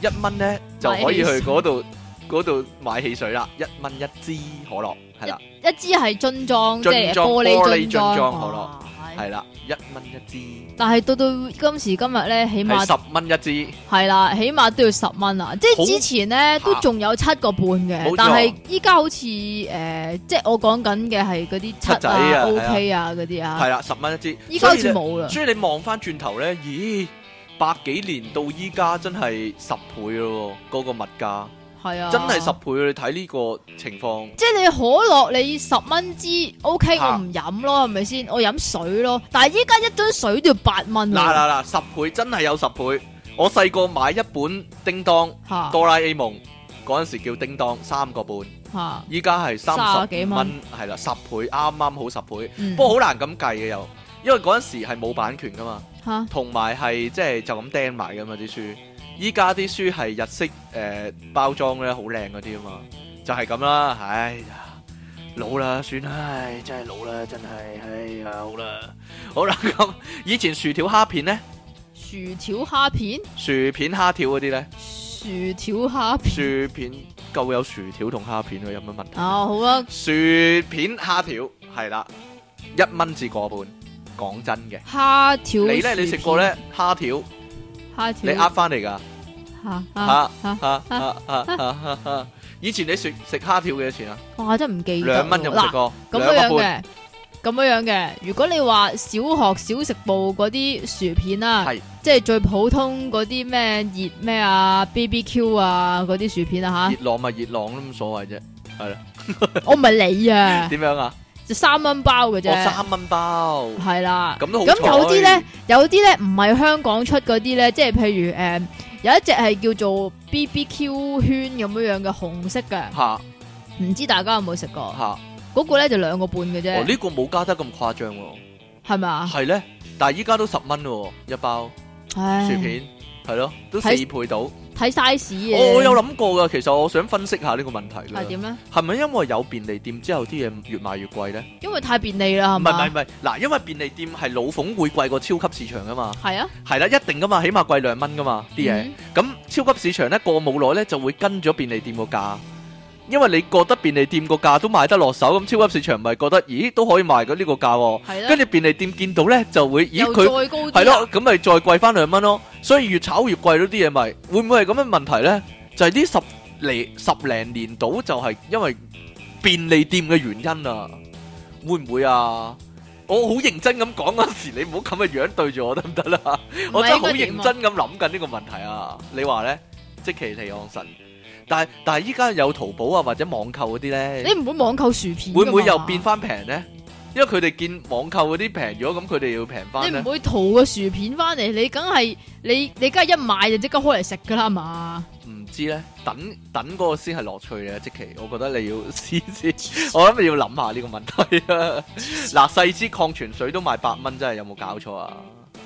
一蚊咧就可以去嗰度嗰度買汽水啦，一蚊一支可樂係啦，一支係樽裝即係玻璃樽裝可樂係啦，一蚊一支。但係到到今時今日咧，起碼十蚊一支係啦，起碼都要十蚊啊！即係之前咧都仲有七個半嘅，但係依家好似誒，即係我講緊嘅係嗰啲七仔啊、OK 啊嗰啲啊，係啦十蚊一支，依家好似冇啦。所以你望翻轉頭咧，咦？百幾年到依家真係十倍咯，嗰、嗰個物價係啊，真係十倍。你睇呢個情況，即係你可樂你十蚊支，OK，下我唔飲咯，係咪先？我飲水咯。但係依家一樽水都要八蚊。嗱嗱嗱，十倍真係有十倍。我細個買一本叮當哆下啦 A 夢嗰陣時叫叮當三個半，依家係三十幾蚊，係啦，十倍啱啱好十倍。嗯、不過好難咁計嘅又，因為嗰陣時係冇版權噶嘛。同埋係即係就咁掟埋噶嘛啲書，依家啲書係日式誒、呃、包裝咧，好靚嗰啲啊嘛，就係、是、咁啦，唉呀，老啦，算啦，真係老啦，真係，唉呀，好啦，好啦，咁以前薯條蝦片呢？薯條蝦片，薯片蝦條嗰啲呢？薯條蝦片，薯片夠有薯條同蝦片啊，有乜問題啊？好啊，薯片蝦條係啦，一蚊至過半。講真嘅，蝦條你咧？你食過咧？蝦條，蝦條條，你呃翻嚟㗎？吓，以前你食食蝦條幾多錢啊？哇，真唔記得兩蚊就冇食過，兩蚊咁樣碗樣嘅。咁樣樣嘅。如果你話小學小食部嗰啲薯片啊，係是即係最普通嗰啲咩熱咩啊 B B Q 啊嗰啲薯片啊吓，熱浪咪熱浪都冇所謂啫，係咯。 我唔係你啊？點 樣啊？就三蚊包嘅啫，哦，三蚊包係啦，咁都咁有啲咧，有啲咧唔係香港出嗰啲咧，即係譬如誒、呃、有一隻係叫做 B B Q 圈咁樣樣嘅紅色嘅，嚇，唔知大家有冇食過？嚇、啊，嗰個咧就兩個半嘅啫，哦，呢、呢個冇加得咁誇張喎，啊，係咪啊？係咧，但係依家都十蚊咯，一包薯片係咯，都四倍到。睇 size、哦、我有諗過噶，其實我想分析下呢個問題咧。係點咧？係咪因為有便利店之後啲嘢越賣越貴咧？因為太便利啦，係咪？唔係唔係，嗱，因為便利店係老馮會貴過超級市場噶嘛。係啊，係啦，一定噶嘛，起碼貴兩蚊噶嘛啲嘢。咁、嗯、哼超級市場咧過冇耐咧就會跟咗便利店個價。因為你覺得便利店個價都買得落手，咁超級市場咪覺得，咦都可以賣嘅呢個價喎。跟住的便利店見到呢，就會，咦佢，係咯它，咁咪再，再貴翻兩蚊咯。所以越炒越貴嗰啲嘢，咪會唔會係咁嘅問題呢？就係、是、呢十零十零年到，就係因為便利店嘅原因啊，會唔會啊？我好認真咁講嗰時，你唔好咁嘅樣，樣對住我得唔得啦？行行啊、是我真係好認真咁諗緊呢個問題啊！啊你話呢，積淇離岸神。但係，但係依家有淘寶啊，或者網購嗰啲咧，你唔會網購薯片，會唔會又變翻平咧？因為佢哋見網購嗰啲平咗，咁佢哋要平翻咧。你唔會淘個薯片翻嚟，你梗係你你梗係一買就即刻開嚟食噶啦嘛？唔知咧，等等嗰個先係樂趣嘅，即其我覺得你要試一試， 我諗你要諗下呢個問題，啊、 啦。嗱，細支礦泉水都賣八蚊，真係有冇搞錯啊？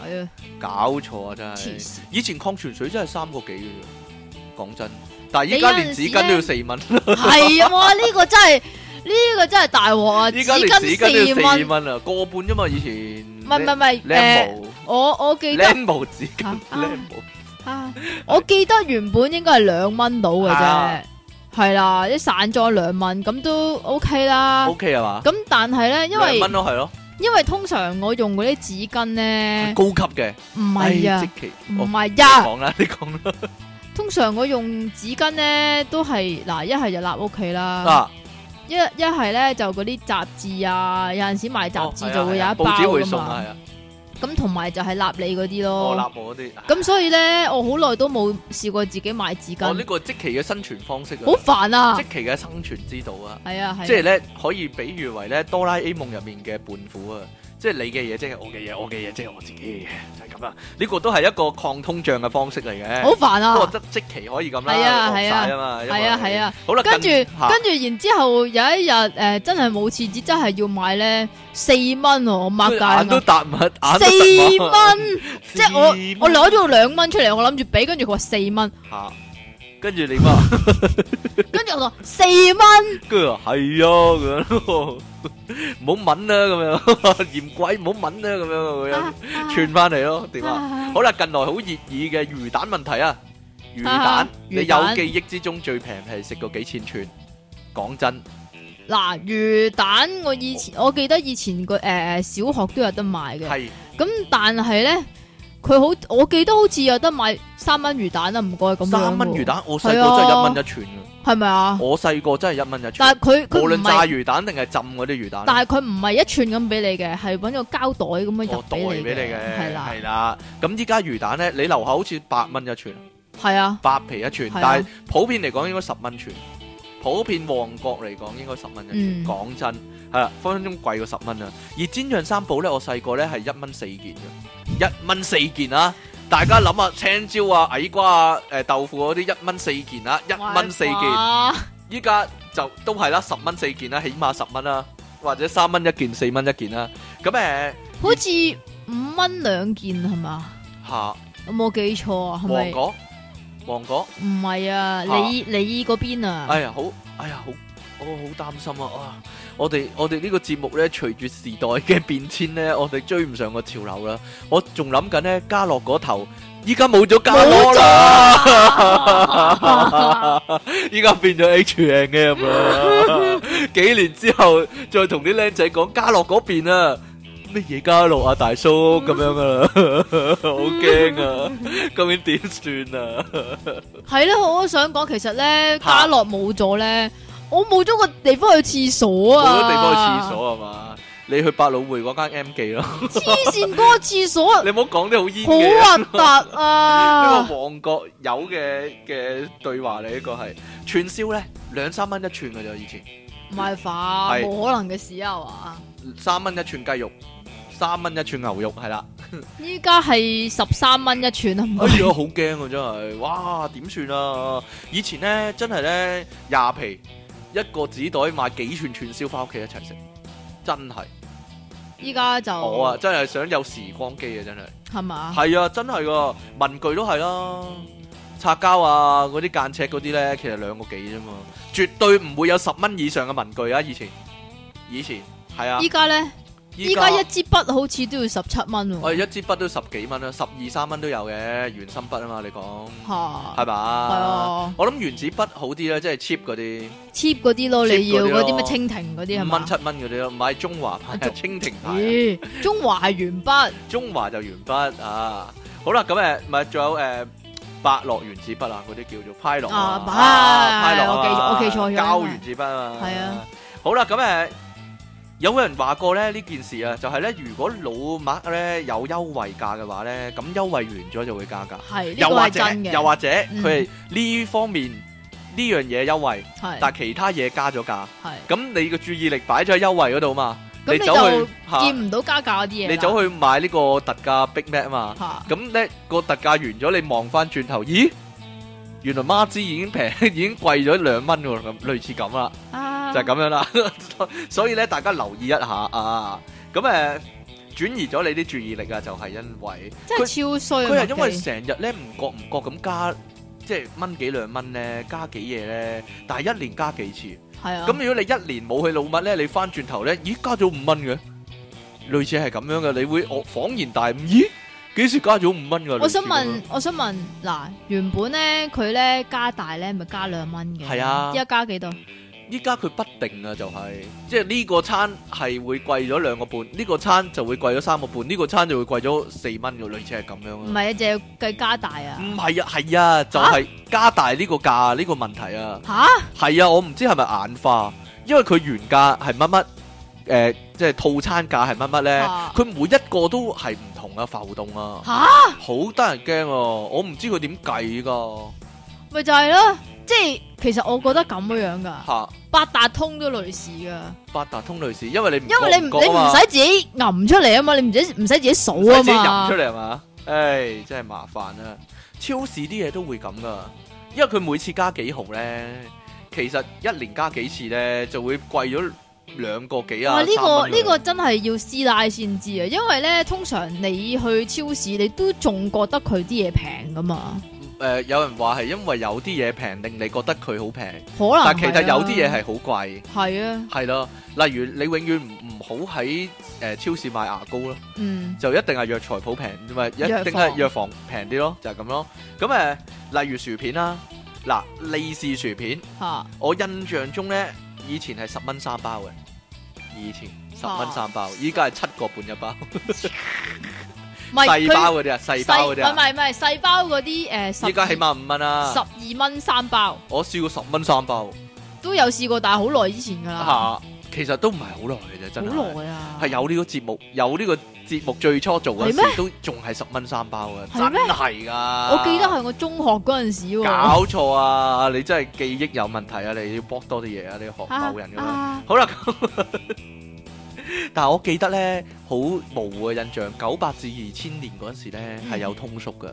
係的啊，搞錯啊真係！以前礦泉水真係三個幾嘅，講真。但係依家連紙巾都要四蚊，係啊！呢個真係呢個真係大鑊啊！依家連紙巾四蚊啊，個半啫嘛。以前唔係唔係唔係，我我記得，我記得原本應該係兩蚊到嘅啫，係啦，一散咗兩蚊咁都 OK 啦。OK 係嘛？咁但係咧，因為因為通常我用嗰啲紙巾咧，高級嘅唔係啊，唔係一！啦，你講啦。通常我用紙巾咧，都係嗱，一係就立屋企啦，一一係咧就嗰啲雜誌啊，有陣時買雜誌就會有一報紙會送，噶嘛啊，咁同埋就係立你嗰啲咯。哦、我攬我啲。咁、哎、所以咧，我好耐都冇試過自己買紙巾。我呢、哦這個積淇嘅生存方式。好煩啊！積淇嘅生存之道啊。係啊係。即係咧，可以比喻為咧哆啦 A 夢入面嘅胖虎啊。即係你嘅嘢，即係我嘅嘢，我嘅嘢即係我自己嘅，就係咁啦。呢個都係一個抗通脹嘅方式嚟嘅。好煩啊！覺得即期可以咁啦，係啊係啊，係啊係啊。啊啊好啦，跟住跟住，然之後有一日誒、呃，真係冇廁紙，真係要買咧，四蚊我擘大眼都答唔出，四蚊，即係我我攞咗兩蚊出嚟，我諗住俾，跟住佢話四蚊。跟住你話，跟住我話四蚊，佢話係啊，佢唔好問啦咁樣，嫌鬼唔好問啦咁樣，串翻嚟咯，點啊？好啦，近來好熱議嘅魚蛋問題啊，魚蛋你有記憶之中最平係食過幾錢串？講真，嗱魚蛋我以前我記得以前個誒小學都有得賣嘅，係咁但係咧。佢好，我記得好似有得買三蚊魚蛋啊。唔該咁三蚊魚蛋，我細個真係一蚊一串嘅。係咪啊？我細個真係一蚊一串。但係佢佢無論炸魚蛋定係浸嗰啲魚蛋。但係佢唔係一串咁俾你嘅，係搵個膠袋咁樣袋俾你嘅。係啦，咁依家魚蛋咧，你樓下好似八蚊一串。係啊，八皮一串，啊、但係普遍嚟講應該十蚊一串。普遍旺角嚟講應該十蚊一件，講、嗯、真係啦，分分鐘貴過十蚊啊。而煎釀三寶咧，我細個咧係一蚊四件嘅，一蚊四件啊！大家諗下青椒啊、矮瓜啊、誒、呃、豆腐嗰啲一蚊四件啊，一蚊四件。依家嘩就都係啦，十蚊四件啦、啊，起碼十蚊啦，或者三蚊一件、四蚊一件啦、啊。咁誒、啊，好似五蚊兩件係嘛？嚇，下我有冇記錯啊？係咪國？是.芒果唔係啊，你你嗰邊啊？邊啊，哎呀好，哎呀好，我好擔心啊！啊，我哋我哋呢個節目咧，隨住時代嘅變遷咧，我哋追唔上個潮流啦。我仲諗緊咧，家樂嗰頭，依家冇咗家樂啦，依家變咗 H and M 啊！幾年之後再同啲僆仔講家樂嗰邊啊！乜嘢家樂啊，大叔咁樣噶啦，好驚啊！究竟點算啊？係咯，我都想講，其實咧家樂冇咗咧，我冇咗個地方去廁所啊！冇咗地方去廁所係嘛？你去百老匯嗰間 M 記咯。黐線嗰個廁所，你唔好講啲好煙好核突啊！呢個旺角有嘅嘅對話嚟，呢個係串燒咧，兩三蚊一串嘅啫，以前賣飯冇可能嘅事啊嘛！三蚊一串雞肉。三蚊一串牛肉係啦，依家係十三蚊一串，哎、啊！哎呀，好驚啊真係，哇點算啊？以前咧真係咧廿皮一個紙袋買幾串串燒翻屋企一齊食，真係。依家就我啊，真係想有時光機啊！真係係嘛？係吧啊，真係噶，啊、文具都係啦，擦膠啊，嗰啲間尺嗰啲咧，其實兩個幾啫嘛，絕對唔會有十蚊以上嘅文具啊！以前以前係啊，依家咧。依家一支筆好似都要十七蚊喎，我一支筆都十幾蚊啦，十二三蚊都有嘅鉛芯筆啊嘛，你講，係嘛？係啊，我諗原子筆好啲啦，即係 cheap 嗰啲，cheap 嗰啲咯，你要嗰啲咩？蜻蜓嗰啲係咪？五蚊七蚊嗰啲咯，買中華牌、蜻蜓牌，中華係鉛筆，中華就鉛筆啊！好啦，咁誒，咪仲有誒，百樂原子筆啊，嗰啲叫做派樂啊，派樂啊，我記我記錯咗，膠原子筆啊，係啊，好啦，咁誒。有冇人話過咧呢件事啊，就係咧，如果老麥咧有優惠價嘅話咧，咁優惠完咗就會加價。係，呢個係真嘅。又或者佢呢方面呢樣嘢優惠，但係其他嘢加咗價。係咁，你嘅注意力擺咗喺優惠嗰度嘛，咁你就見唔到加價啲嘢。你走去買呢個特價 Big Mac 啊嘛。嚇咁咧個特價完咗，你望翻轉頭，咦？原來孖支已經平，已經貴咗兩蚊喎，咁類似咁啦。就咁樣啦，所以咧，大家留意一下啊！咁誒，轉移咗你啲注意力啊，就係因為真係超衰。佢係因為成日咧唔覺唔覺咁加，即係蚊幾兩蚊咧，加幾嘢咧，但係一年加幾次？係啊。咁如果你一年冇去老物咧，你翻轉頭咧，咦，加咗五蚊嘅，類似係咁樣嘅，你會我恍然大悟，咦，幾時加咗五蚊噶？我想問，我想問，嗱，原本咧佢咧加大咧，咪加兩蚊嘅？係啊。而家加幾多？依家佢不定啊、就是，就係即係呢個餐係會貴咗兩個半，呢、這個餐就會貴咗三個半，呢、這個餐就會貴咗四蚊，類似係咁樣啊。唔係啊，就要計加大啊。唔係啊，係啊，就係、是啊、加大呢個價呢、這個問題啊。吓、啊，係啊，我唔知係咪眼花，因為佢原價係乜乜，誒、呃，即、就、係、是、套餐價係乜乜咧，佢、啊、每一個都係唔同嘅，浮動啊。吓，好得人驚啊，我唔知佢點計噶，咪就係咯。即係其實我覺得咁樣噶，八達哈通都類似噶。八達通類似，因為你因為你你唔使自己揞出嚟啊嘛，你唔使唔使自己數啊嘛。自己揞出嚟啊嘛？唉，真係麻煩啦。超市啲嘢都會咁噶，因為佢每次加幾毫咧，其實一年加幾次咧就會貴咗兩個幾啊。唔係呢、這個呢 個真係要師奶先知啊，因為咧通常你去超市你都仲覺得佢啲嘢平噶嘛。誒、呃、有人話係因為有啲嘢平令你覺得佢好平，可能啊、但其實有啲嘢係好貴。係啊，係咯，例如你永遠唔唔好喺誒超市買牙膏咯，嗯，就一定係藥材鋪平，咪房一定係藥房平啲咯，就係、是、咁咯。咁誒、呃，例如薯片啦，嗱，利是薯片，嚇哈，我印象中咧以前係十蚊三包嘅，以前十蚊三包，依家係七個半一包。 唔係，細包嗰啲啊，細包嗰啲。唔係唔係細包嗰啲誒，依家起碼五蚊啊，十二蚊三包。我試過十蚊三包，都有試過，但係好耐以前㗎啦。嚇，其實都唔係好耐嘅啫，真係。好耐啊！係有呢個節目，有呢個節目最初做嘅時都仲係十蚊三包嘅，真係㗎。我記得係我中學嗰陣時喎。搞錯啊！你真係記憶有問題啊！你要博多啲嘢啊！你要學某人好啦。但係我記得咧，好模糊嘅印象，九百至二千年嗰陣時咧係、嗯、有通縮嘅，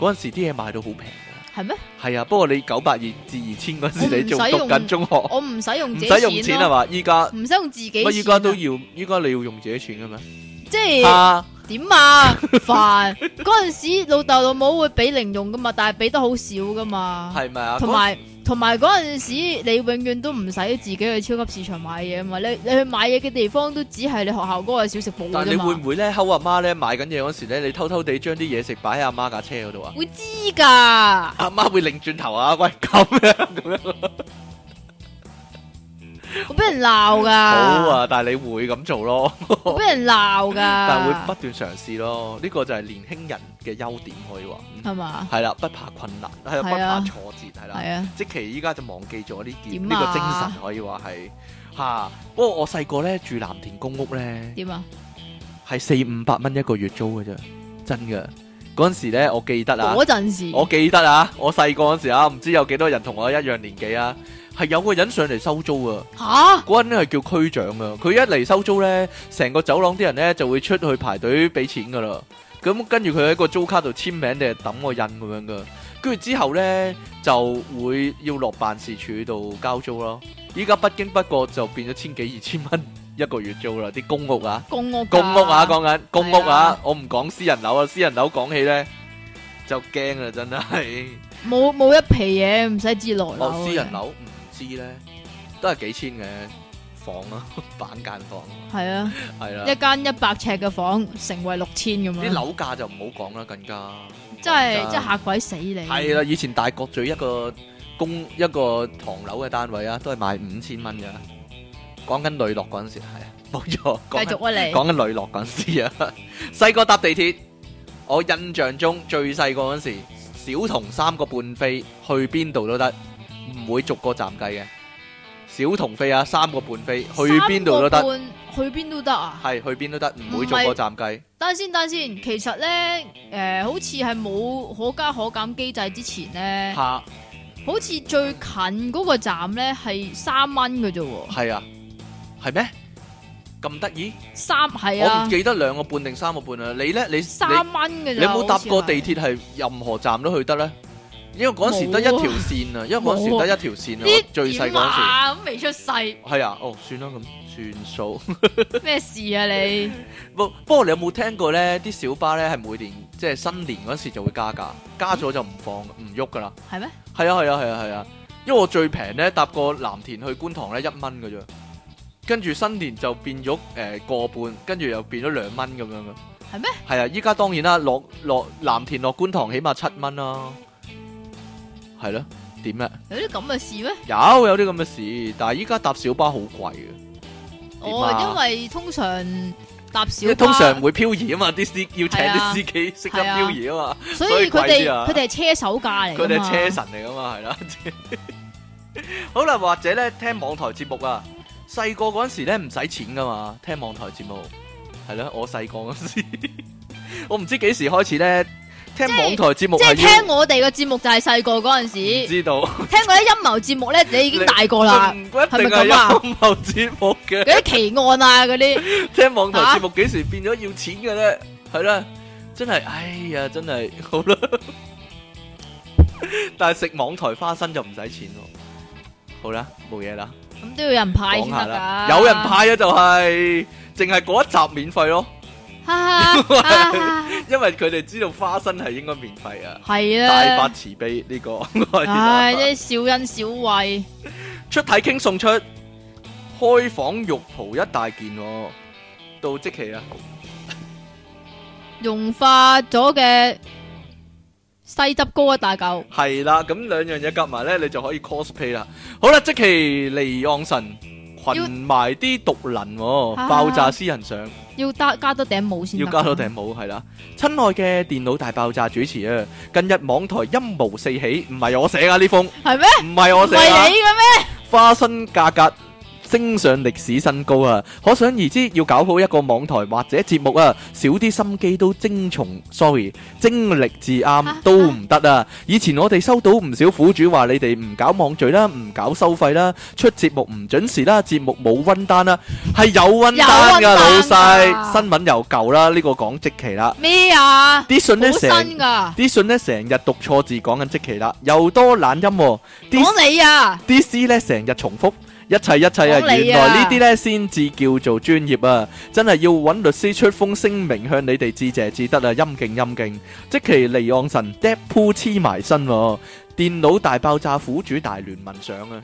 嗰陣時啲嘢賣到好平嘅。係咩嗎？係啊，不過你九百二至二千嗰陣時，不用你仲讀緊中學，我唔使用唔使用錢係嘛？依家唔使用自己錢用用錢，乜依家都要，依家你要用自己錢嘅咩？即係是點啊？煩、啊！嗰陣 時老豆老母會俾零用嘅嘛，但係俾得好少嘅嘛。係咪啊？同埋有。同埋嗰陣時，你永遠都唔使自己去超級市場買嘢啊嘛！你你去買嘢嘅地方都只係你學校嗰個小食鋪啫嘛。但係你會唔會咧？喺阿媽咧買緊嘢嗰時咧，你偷偷地將啲嘢食擺喺阿媽架車嗰度啊？會知噶，阿媽會擰轉頭啊！喂，咁樣咁樣。 我俾人鬧噶，好啊！但係你會咁做咯， 我俾人鬧噶，但係會不斷嘗試咯。呢、這個就係年輕人嘅優點，可以話係嘛？係啦吧、啊，不怕困難，係、啊啊、不怕挫折，係啦、啊。啊、即期依家就忘記咗呢件呢、啊、個精神，可以話係吓。不過我細個咧住藍田公屋咧，點啊？係四五百蚊一個月租嘅啫，真嘅。嗰陣時咧，我記得啊，嗰陣時我記得啊，我細個嗰陣時啊，唔知有幾多人同我一樣年紀啊。係有個人上嚟收租啊！吓，嗰人咧係叫區長啊。佢一嚟收租咧，成個走廊啲人咧就會出去排隊俾錢噶啦。咁跟住佢喺個租卡度簽名定係抌個印咁樣噶。跟住之後咧就會要落辦事處度交租咯。依家不經不覺就變咗千幾二千蚊一個月租啦。啲公屋啊，公屋公屋啊，講緊公屋啊，我唔講私人樓啊。私人樓講起咧就驚啦，真係冇冇一皮嘢，唔使自來樓。私人樓。啲咧都係幾千嘅房咯，板間房係啊，係啦，一間一百尺嘅房成為六千咁樣！啲樓價就唔好講啦，更加即係即係吓鬼死你！係啦，以前大角咀一個公一個唐樓嘅單位啊，都係賣五千蚊噶。講緊雷洛嗰陣時係啊，冇錯，繼續啊，你講緊雷洛嗰陣時啊，細個搭地鐵，我印象中最細個嗰陣時，小童三個半飛去邊度都得。會逐個站計嘅，小童飛啊，三個半飛去邊度都得，去邊都得啊，係去邊都得，唔會是逐個站計。等先，等先，其實咧，誒、呃，好似係冇可加可減機制之前咧，吓下，好似最近嗰個站咧係三蚊㗎咋喎，係啊，係咩咁得意？三係啊，3，啊我唔記得兩個半定三個半啊？你咧，你三蚊嘅，你有冇、啊、搭過地鐵係任何站都去得咧？因為嗰時得一條線啊，因為嗰時得一條線啊，最細嗰時都未出世。係啊，哦，算啦，咁算數。咩 事啊你？不不過你有冇聽過咧？啲小巴咧係每年即係新年嗰時就會加價，加咗就唔放唔喐噶啦。係咩、嗯？係嗎啊，係啊，係啊，係啊，啊！因為我最平咧搭過藍田去觀塘咧一蚊噶啫，跟住新年就變咗誒個半，跟住又變咗兩蚊咁樣噶。係咩嗎？係啊！依家當然啦，落落藍田落觀塘起碼七蚊啦。係咯，點啊？有啲咁嘅事咩？有，有啲咁嘅事，但係依家搭小巴好貴嘅。哦，因為通常搭小巴，通常會漂移啊嘛，啲司要請啲司機識得漂移啊嘛，所以佢哋佢哋係車手價嚟，佢哋係車神嚟啊嘛，係啦。好啦，或者咧聽網台節目啊，細個嗰陣時咧唔使錢噶嘛，聽網台節目係啦，我細個嗰陣時，我唔知幾時開始咧。聽網台節目，即係聽我哋嘅節目就係細個嗰陣時。知道聽嗰啲陰謀節目咧，你已經大個啦，係咪咁啊？陰謀節目嘅嗰啲奇案啊，嗰啲聽網台節目幾時變咗要錢嘅咧？係啦，真係，哎呀，真係好啦，但係食網台花生就唔使錢咯。好啦，冇嘢啦。咁都要有人派先得噶，有人派咗就係淨係嗰一集免費咯。啊、 因為佢哋知道花生係應該免費啊，係啊，大發慈悲呢、這個，係即、哎、呀 小恩小惠，出體 king 送出，開房浴袍一大件、哦，到即期溶 啊，融化咗嘅西汁糕一大嚿，係啦，咁兩樣嘢夾埋咧，你就可以 cosplay 啦。好啦，積淇離岸神。群埋啲毒麟，啊、爆炸私人相，要加加多頂帽先、啊。要加多頂帽，係啦。親愛嘅電腦大爆炸主持啊，近日網台陰毛四起，唔係我寫啊呢封，係咩嗎？唔係我寫，係你嘅咩？花生價格。升上歷史新高啊！可想而知，要搞好一個網台或者節目啊，少啲心機都精從，sorry，精力字啱都唔得啊！以前我哋收到唔少苦主話：你哋唔搞網聚啦，唔搞收費啦，出節目唔準時啦，節目冇温單啦，係有温單噶老細，新聞又舊啦，呢個講即期啦。咩啊？啲信呢成啲信呢成日讀錯字，講緊即期啦，又多懶音。講你啊！DC 呢成日重複。一切一切啊！原來呢啲咧先至叫做專業啊！真係要揾律師出封聲明向你哋致謝至得啊！陰勁陰勁，積淇離岸神 deadpool 黐埋身，電腦大爆炸苦主大聯盟上啊！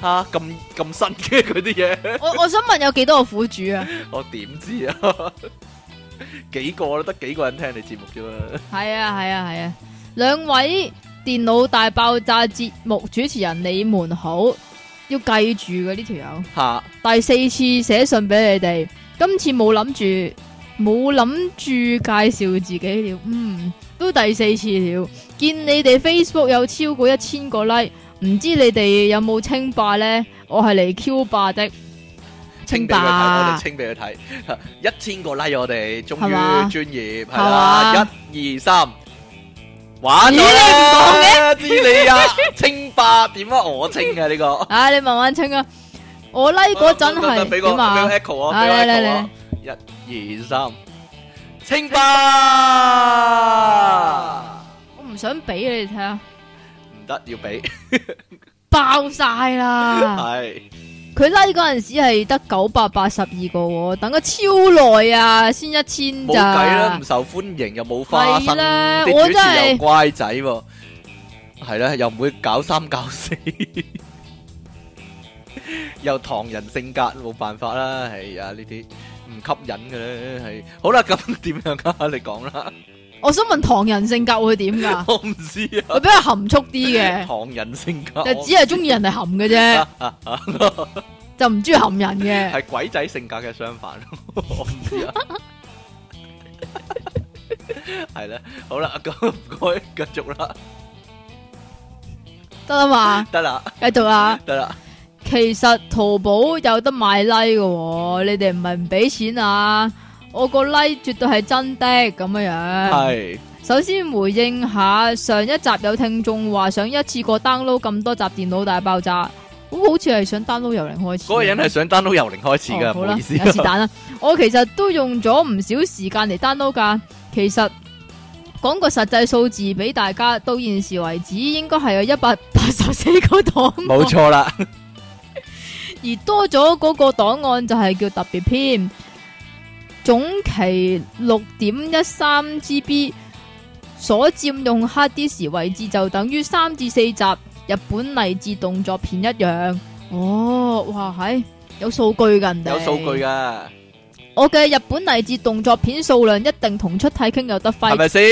嚇咁咁新嘅嗰啲嘢，我我想問有幾多個苦主啊？我點知啊？幾個啦？得幾個人聽你節目啫嘛？係啊係啊係啊！兩位電腦大爆炸節目主持人，你們好。要記住嘅呢條友，這個、哈第四次寫信俾你哋，今次冇諗住，冇諗住介紹自己了，嗯，都第四次了。見你哋 Facebook 有超過一千個 like，唔知你哋有冇稱霸呢？我係嚟 Q 霸的，霸稱霸啊！我哋清俾佢睇， 一千個 like 我哋終於專業係啦，一二三。吧玩啦！知你啊， 清霸，點解我清嘅呢個？ 啊，你慢慢清啊！我拉嗰陣係點啊？嚟嚟嚟！一二三，清霸！啊、我唔想俾你哋睇，唔得要俾， 爆晒啦！係。 佢拉嗰陣時係得九百八十二個喎，等咗超耐啊，先一千咋，冇計啦，唔受歡迎又冇花生，我真係又乖仔喎，係啦，又唔會搞三搞四，又唐人性格，冇辦法啦，係啊，呢啲唔吸引嘅咧，係好啦，咁點樣啊？你講啦。我想問唐人性格會點噶？我唔知啊，佢比較含蓄啲嘅。唐人性格就只係中意人哋含嘅啫， 就唔中意含人嘅。係 鬼仔性格嘅相反咯， 我唔知啊。係啦，好啦，唔 該，繼續啦，得啦嘛，得啦，繼續啊，得啦。其實淘寶有得買 like 嘅哦，你哋唔係唔俾錢啊？我個 like 絕對係真的咁樣樣。係是，首先回應下上一集有聽眾話想一次過 download 咁多集電腦大爆炸，咁、哦、好似係想 download 由零開始。嗰個人係想 download 由零開始噶，唔、哦、好，好意思。是但啦， 我其實都用咗唔少時間嚟 download 噶。其實講個實際數字俾大家，到現時為止應該係有一百八十四個檔。冇錯啦， 而多咗嗰個檔案就係叫特別篇。總期六點一三 GB 所佔用 Hard Disk 位置就等於三至四集日本勵志動作片一樣。哦，哇，係有數據噶人哋，有數據噶。我嘅日本勵志動作片數量一定同出體 king 有得揮，係咪先？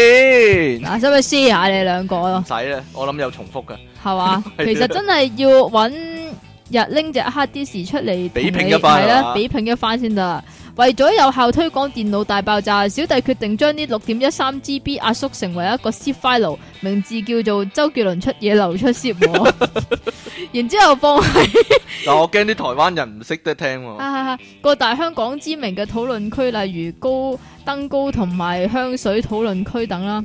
嗱，使唔使 share 下你兩個咯？唔使啦，我諗有重複噶。係嘛吧， 其實真係要揾日拎隻 Hard Disk 出嚟比拼一番啦，吧比拼一番先得。 為咗有效推廣電腦大爆炸，小弟決定將呢六點一三 GB 壓縮成為一個 C file，名字叫做周杰倫出嘢流出泄， 然之後放喺嗱，我驚啲台灣人唔識得聽。各、 啊啊啊、大香港知名嘅討論區，例如高登高同埋香水討論區等啦，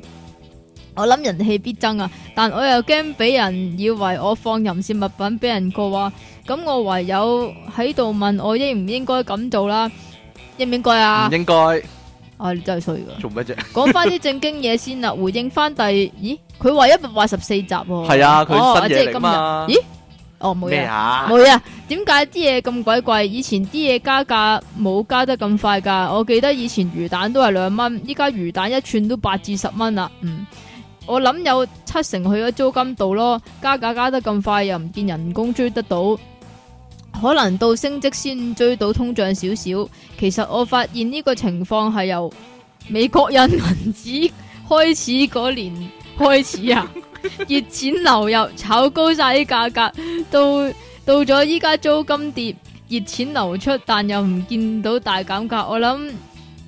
我諗人氣必增啊！但我又驚俾人以為我放淫褻物品俾人過話、啊，咁我唯有喺度問我應唔應該咁做啦、啊。應唔應該啊？唔應該，啊，你真係衰噶！做咩啫？講翻啲正經嘢先啦。回應翻第，咦？佢話一百八十四集喎。係啊，佢、啊、新嘢嚟噶嘛？咦？哦冇啊，冇啊！點解啲嘢咁鬼貴？以前啲嘢加價冇加得咁快噶。我記得以前魚蛋都係兩蚊，依家魚蛋一串都八至十蚊啦。嗯，我諗有七成去咗租金度咯。加價加得咁快，又唔見人工追得到。可能到升職先追到通脹少少，其實我發現呢個情況係由美國印銀紙開始嗰年開始啊，熱 錢流入炒高晒啲價格，到到咗依家租金跌，熱錢流出，但又唔見到大減價，我諗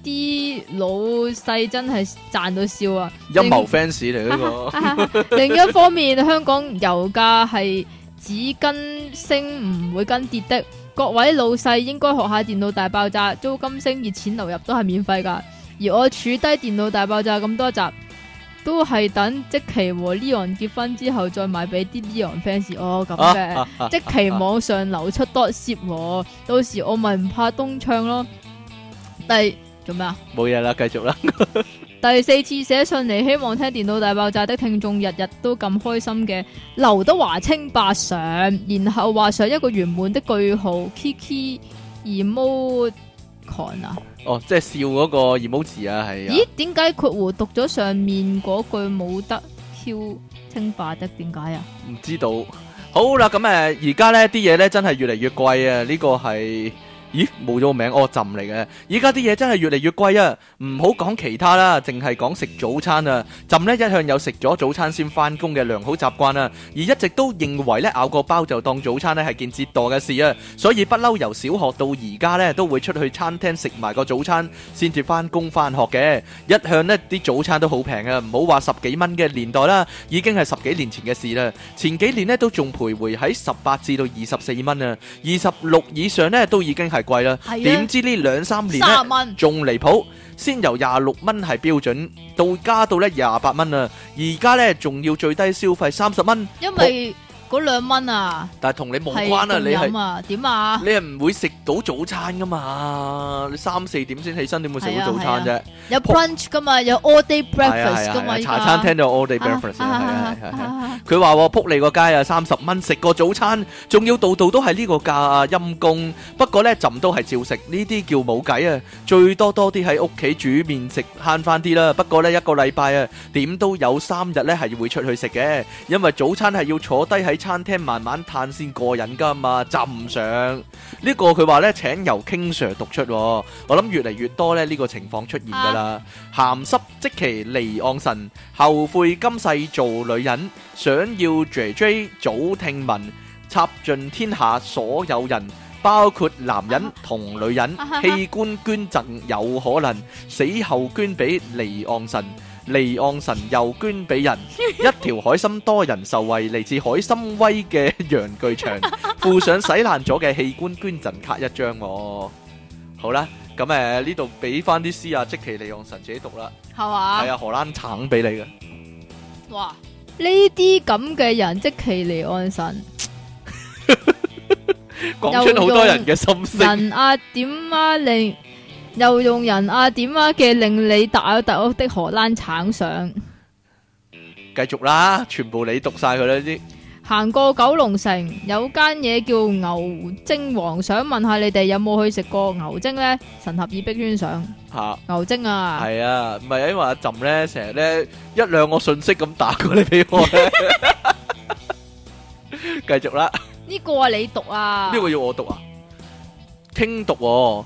啲老細真係賺到笑，笑啊！陰謀 fans 嚟個。另一方面，香港油價係只跟，升唔會跟跌的，各位老細應該學下電腦大爆炸，租金升熱錢流入都係免費噶。而我儲低電腦大爆炸咁多集，都係等即期和 Leon 結婚之後再賣俾啲 Leon fans 哦咁嘅。啊啊啊、即期網上流出多涉 h 到時我咪唔怕東唱咯。第做咩啊？冇嘢啦，繼續啦 。第四次寫信嚟，希望聽《電腦大爆炸》的聽眾日日都咁開心嘅劉德華清霸上，然後畫上一個圓滿的句號。Kiki Emo Con 啊？哦，即係笑嗰個 emo 字啊，係啊。咦？點解括弧讀咗上面嗰句冇得 Q 清霸的？點解啊？唔知道。好啦，咁、嗯、誒，而家呢啲嘢呢，真係越嚟越貴啊！呢、這個係。咦，冇咗個名，哦，朕嚟嘅。而家啲嘢真係越嚟越貴啊！唔好講其他啦，淨係講食早餐啊。朕呢一向有食咗早餐先翻工嘅良好習慣啊，而一直都認為呢咬個包就當早餐呢係件折墮嘅事啊，所以不嬲由小學到而家呢都會出去餐廳食埋個早餐先至翻工翻學嘅。一向呢啲早餐都好平啊，唔好話十幾蚊嘅年代啦，已經係十幾年前嘅事啦。前幾年呢都仲徘徊喺十八至到二十四蚊啊，二十六以上呢都已經係，貴啦，點知呢兩三年咧，仲離譜，先由廿六蚊係標準，到加到咧廿八蚊啊。而家呢，仲要最低消費三十蚊。因為嗰兩蚊啊！但係同你無關啊，你係點啊？你係唔會食到早餐噶嘛？你三四點先起身，點會食到早餐啫？有 brunch 噶嘛？有 all day breakfast 噶嘛？茶餐廳就 all day breakfast。佢話喎，仆你個街啊，三十蚊食個早餐，仲要度度都係呢個價啊！陰公。不過咧，朕都係照食。呢啲叫冇計啊！最多多啲喺屋企煮麵食，慳翻啲啦。不過咧，一個禮拜啊，點都有三日咧係會出去食嘅，因為早餐係要坐低喺。餐廳慢慢嘆先過癮㗎嘛，浸上、這個、呢個佢話咧請由 King Sir 讀出、哦，我諗越嚟越多咧呢、這個情況出現㗎啦。鹹濕、啊、積淇離岸神，後悔今世做女人，想要 J J 早聽聞，插盡天下所有人，包括男人同女人、啊、器官捐贈有可能，死後捐俾離岸神。離岸神又捐俾人一條海參，多人受惠，嚟自海參威嘅楊巨祥，附上洗爛咗嘅器官捐贈卡一張喎。好啦，咁誒呢度俾翻啲詩啊，即其離岸神自己讀啦，係嘛？係啊，荷蘭橙俾你嘅。哇！呢啲咁嘅人，即其離岸神，講出好多人嘅心聲啊！點啊，你？又用人啊點啊嘅令你大屋大屋的荷蘭橙相，繼續啦，全部你讀晒佢啦。呢啲行過九龍城有間嘢叫牛精王，想問下你哋有冇去食過牛精咧？神合意壁磚上吓牛精啊，係啊，唔係因為阿朕咧成日咧一兩個信息咁打過嚟俾我咧。繼續啦，呢個啊你讀啊，呢個要我讀啊，聽讀。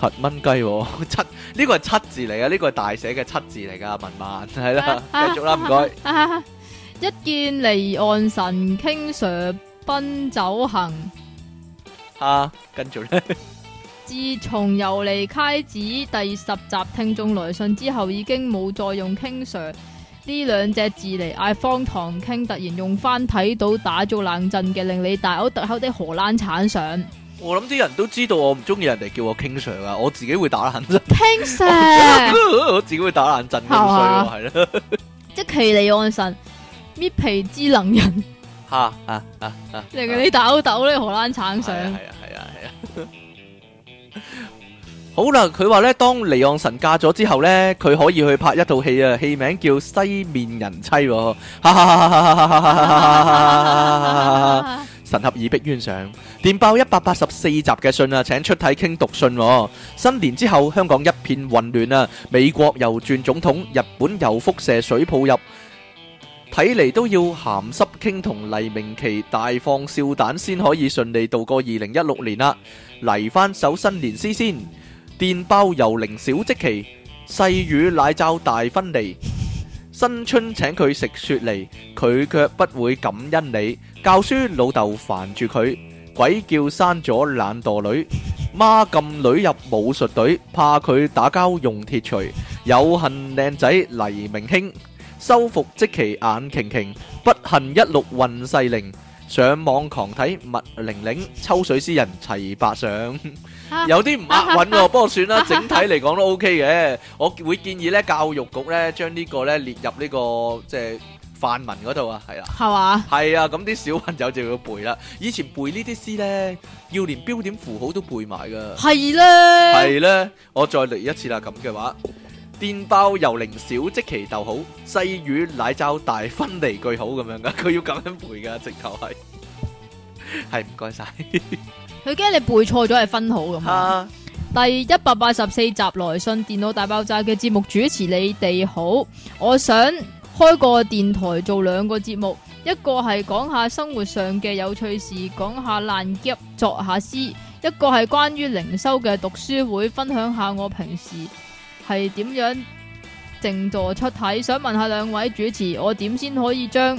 七蚊雞，七呢個係七字嚟噶，呢個係大寫嘅七字嚟噶，文盲係啦，繼、啊、續啦，唔該、啊。麻煩 一見離岸神傾 Sir 奔走行，啊，跟住咧。自從由嚟開子第十集聽眾來信之後，已經冇再用傾 Sir 呢兩隻字嚟嗌荒唐傾，突然用翻睇到打足冷震嘅令你大嘔特嘔啲荷蘭產相。我諗啲人都知道我唔中意人哋叫我 King Sir 啊，我自己會打冷震。King Sir，我自己會打冷震咁衰，係咯、啊。 積淇離岸神，搣皮之能人。吓吓吓吓！嚟個啲抖抖咧，荷蘭橙上。係啊係啊係啊。啊啊啊啊 好啦，佢話咧，當離岸神嫁咗之後咧，佢可以去拍一套戲啊，戲名叫《西面人妻、哦》。哈哈哈哈哈哈哈哈哈哈哈哈哈哈。神合已逼冤上，電爆一百八十四集嘅信啊，請出體 King 讀信，啊。新年之後，香港一片混亂啊！美國又轉總統，日本又輻射水泡入，睇嚟都要咸濕 King 同黎明期大放笑彈先可以順利度過二零一六年啦！嚟翻首新年詩先，電爆遊靈小積淇，細雨奶罩大分離，新春請佢食雪梨，佢卻不會感恩你。教書老豆煩住佢，鬼叫生咗懶惰女，媽禁女入武術隊，怕佢打交用鐵錘，有幸靚仔黎明卿，收服即其眼瓊瓊，不幸一六運勢靈，上網狂睇麥玲玲，抽水詩人齊白上，有啲唔押韻，不過算啦，整體嚟講都 OK 嘅，我會建議呢教育局呢將呢個呢列入呢個即係。範文嗰度啊，係啊，係嘛，係啊，咁啲小朋友就要背啦。以前背詩呢啲詩咧，要連標點符號都背埋噶，係啦、啊，係啦、啊，我再嚟一次啦。咁嘅話，電包、由零小即奇逗號，細雨奶罩、大分離句號。咁樣噶、啊，佢要咁樣背噶，直頭係，係唔該晒。佢驚 你背錯咗係分號咁啊。第一百八十四集來信電腦大爆炸嘅節目主持，你哋好，我想。開個電台做兩個節目，一個係講下生活上嘅有趣事，講下爛夾作下詩；一個係關於靈修嘅讀書會，分享下我平時係點樣靜坐出體。想問下兩位主持，我點先可以將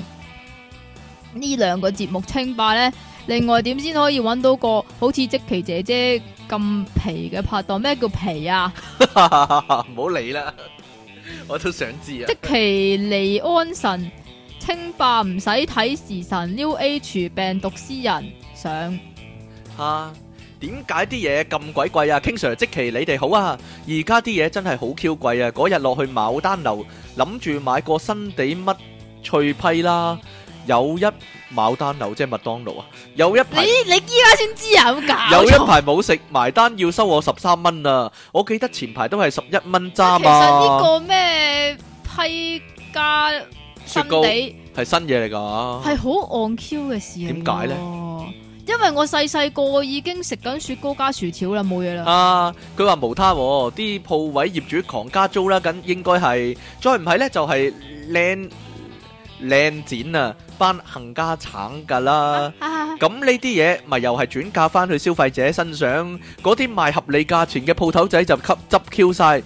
呢兩個節目稱霸呢？另外點先可以揾到個好似積淇姐姐咁皮嘅拍檔？咩叫皮啊？唔好理啦。我都想知 啊！積淇離岸神清化，唔使睇時辰。UH 病毒獅人想，嚇，點解啲嘢咁鬼貴啊？King Sir，積淇你哋好啊！而家啲嘢真係好 Q 貴啊！嗰日落去牡丹樓，諗住買個新地乜脆批啦，有一。牡丹樓即係麥當勞啊，有一排你依家先知啊，好假！有一排冇食，埋單要收我十三蚊啦。我記得前排都係十一蚊咋嘛。其實呢個咩批加雪糕係新嘢嚟㗎，係好 on Q 嘅事。點解咧？哦，因為我細細個已經食緊雪糕加薯條啦，冇嘢啦。啊！佢話無他，啲鋪位業主狂加租啦，咁應該係再唔係咧就係靚。靚剪啊，班行家橙㗎啦，咁呢啲嘢咪又係轉嫁翻去消費者身上，嗰啲賣合理價錢嘅鋪頭仔就吸執 Q 晒。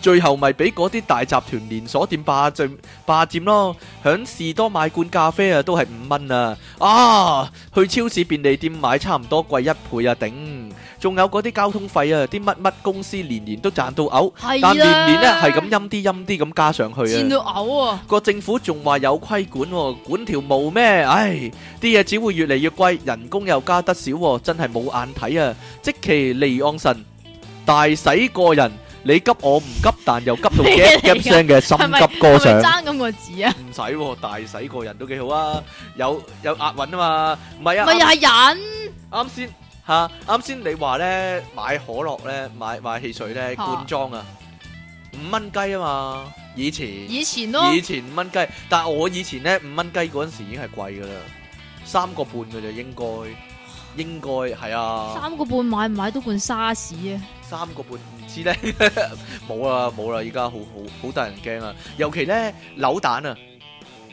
最後咪俾嗰啲大集團連鎖店霸佔霸佔咯，響士多買罐咖啡啊都係五蚊啊，啊去超市便利店買差唔多貴一倍啊，頂。仲有嗰啲交通費啊，啲乜乜公司年年都賺到嘔，但年年呢係咁陰啲陰啲咁加上去啊，賺到嘔啊！個政府仲話有規管，管條毛咩？唉，啲嘢只會越嚟越貴，人工又加得少，真係冇眼睇啊！積淇離岸神大使個人。你急我唔急，但又急到一一聲嘅心急歌唱，爭咁個字啊！唔使大洗個人都幾好啊，有有押韻啊嘛，唔係啊，咪又係人？啱先吓，啱先你話咧買可樂咧買買汽水咧罐裝啊，五蚊雞啊嘛，以前以前咯，以前五蚊雞，但係我以前咧五蚊雞嗰陣時已經係貴噶啦，三個半嘅就應該應該係啊，三個半買唔買到罐沙士啊？三個半。知咧，冇啦冇啦，依家好好好得人驚啊！尤其咧扭蛋啊，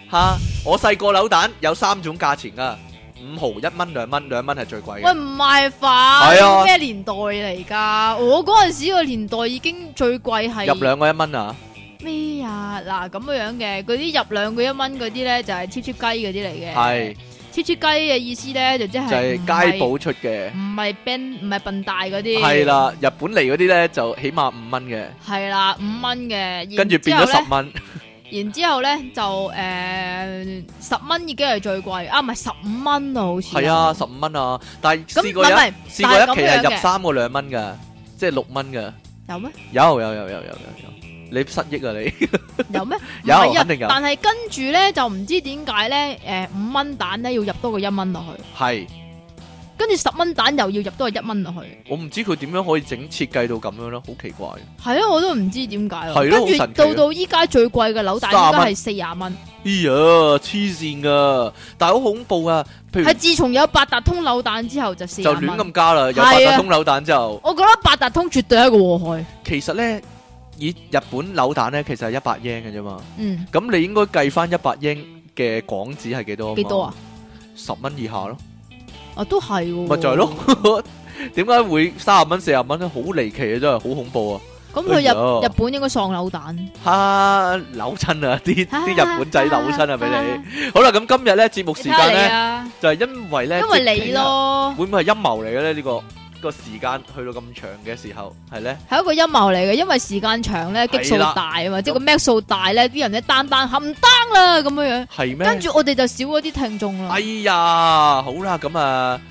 吓我細個扭蛋有三種價錢噶，五毫一蚊兩蚊兩蚊係最貴嘅。喂唔係凡係咩年代嚟噶？我嗰陣時個年代已經最貴係入兩個一蚊啊！咩呀嗱咁嘅樣嘅，嗰啲入兩個一蚊嗰啲咧就係 cheap cheap 雞嗰啲嚟嘅。係。黐黐雞嘅意思咧就即係，就係、是、街鋪出嘅，唔係 ben 唔係笨大嗰啲。係啦，日本嚟嗰啲咧就起碼五蚊嘅。係啦，五蚊嘅，跟住變咗十蚊。然之後咧 就誒十蚊已經係最貴啊，唔係十五蚊啊，好似係啊，十五蚊啊，但係試那過一試是過一期係入三個兩蚊嘅，即係六蚊嘅。有咩？有有有有有有有。有有有有。你失憶啊！你有咩嗎？有一、 啊、定有但，但係跟住咧就唔知點解咧？誒、呃，五蚊蛋咧要入多個一蚊落去，係跟住十蚊蛋又要入多個一蚊落去。我唔知佢點樣可以整設計到咁樣咯，好奇怪。係啊，我都唔知點解、啊。跟住到到依家最貴嘅扭蛋應該係四十蚊。哎呀，黐線噶，但係好恐怖啊！係自從有八達通扭蛋之後就四十蚊，就亂咁加啦。有八達通扭蛋之後，啊、我覺得八達通絕對係一個禍害。其實咧。以日本扭蛋咧，其實係一百英嘅啫嘛。嗯。咁你應該計翻一百英嘅港紙係幾多？幾多啊？十蚊以下咯。啊，都係喎。咪就係咯。點解會三十蚊、四十蚊咧？好離奇啊！真係好恐怖啊！咁佢日日本應該喪扭蛋。嚇！扭親啊！啲啲日本仔扭親啊！俾你。好啦，咁今日咧節目時間咧，就係因為咧，因為你咯。會唔會係陰謀嚟嘅咧？呢個？個時間去到咁長嘅時候係咧，係一個陰謀嚟嘅，因為時間長咧，基數大啊嘛，的即係個咩數大咧，啲那人咧單單冚單啦咁樣樣，係咩？跟住我哋就少咗啲聽眾啦。哎呀，好啦，咁、嗯、啊，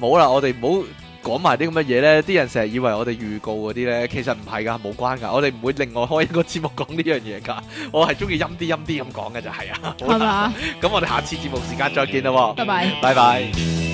唔好啦，我哋唔好講埋啲咁嘅嘢咧，啲人成日以為我哋預告嗰啲咧，其實唔係噶，冇關噶，我哋唔會另外開一個節目講呢樣嘢噶，我係中意陰啲陰啲咁講嘅就係、是、啊，係啦，咁吧 我哋下次節目時間再見啦，拜拜，拜拜。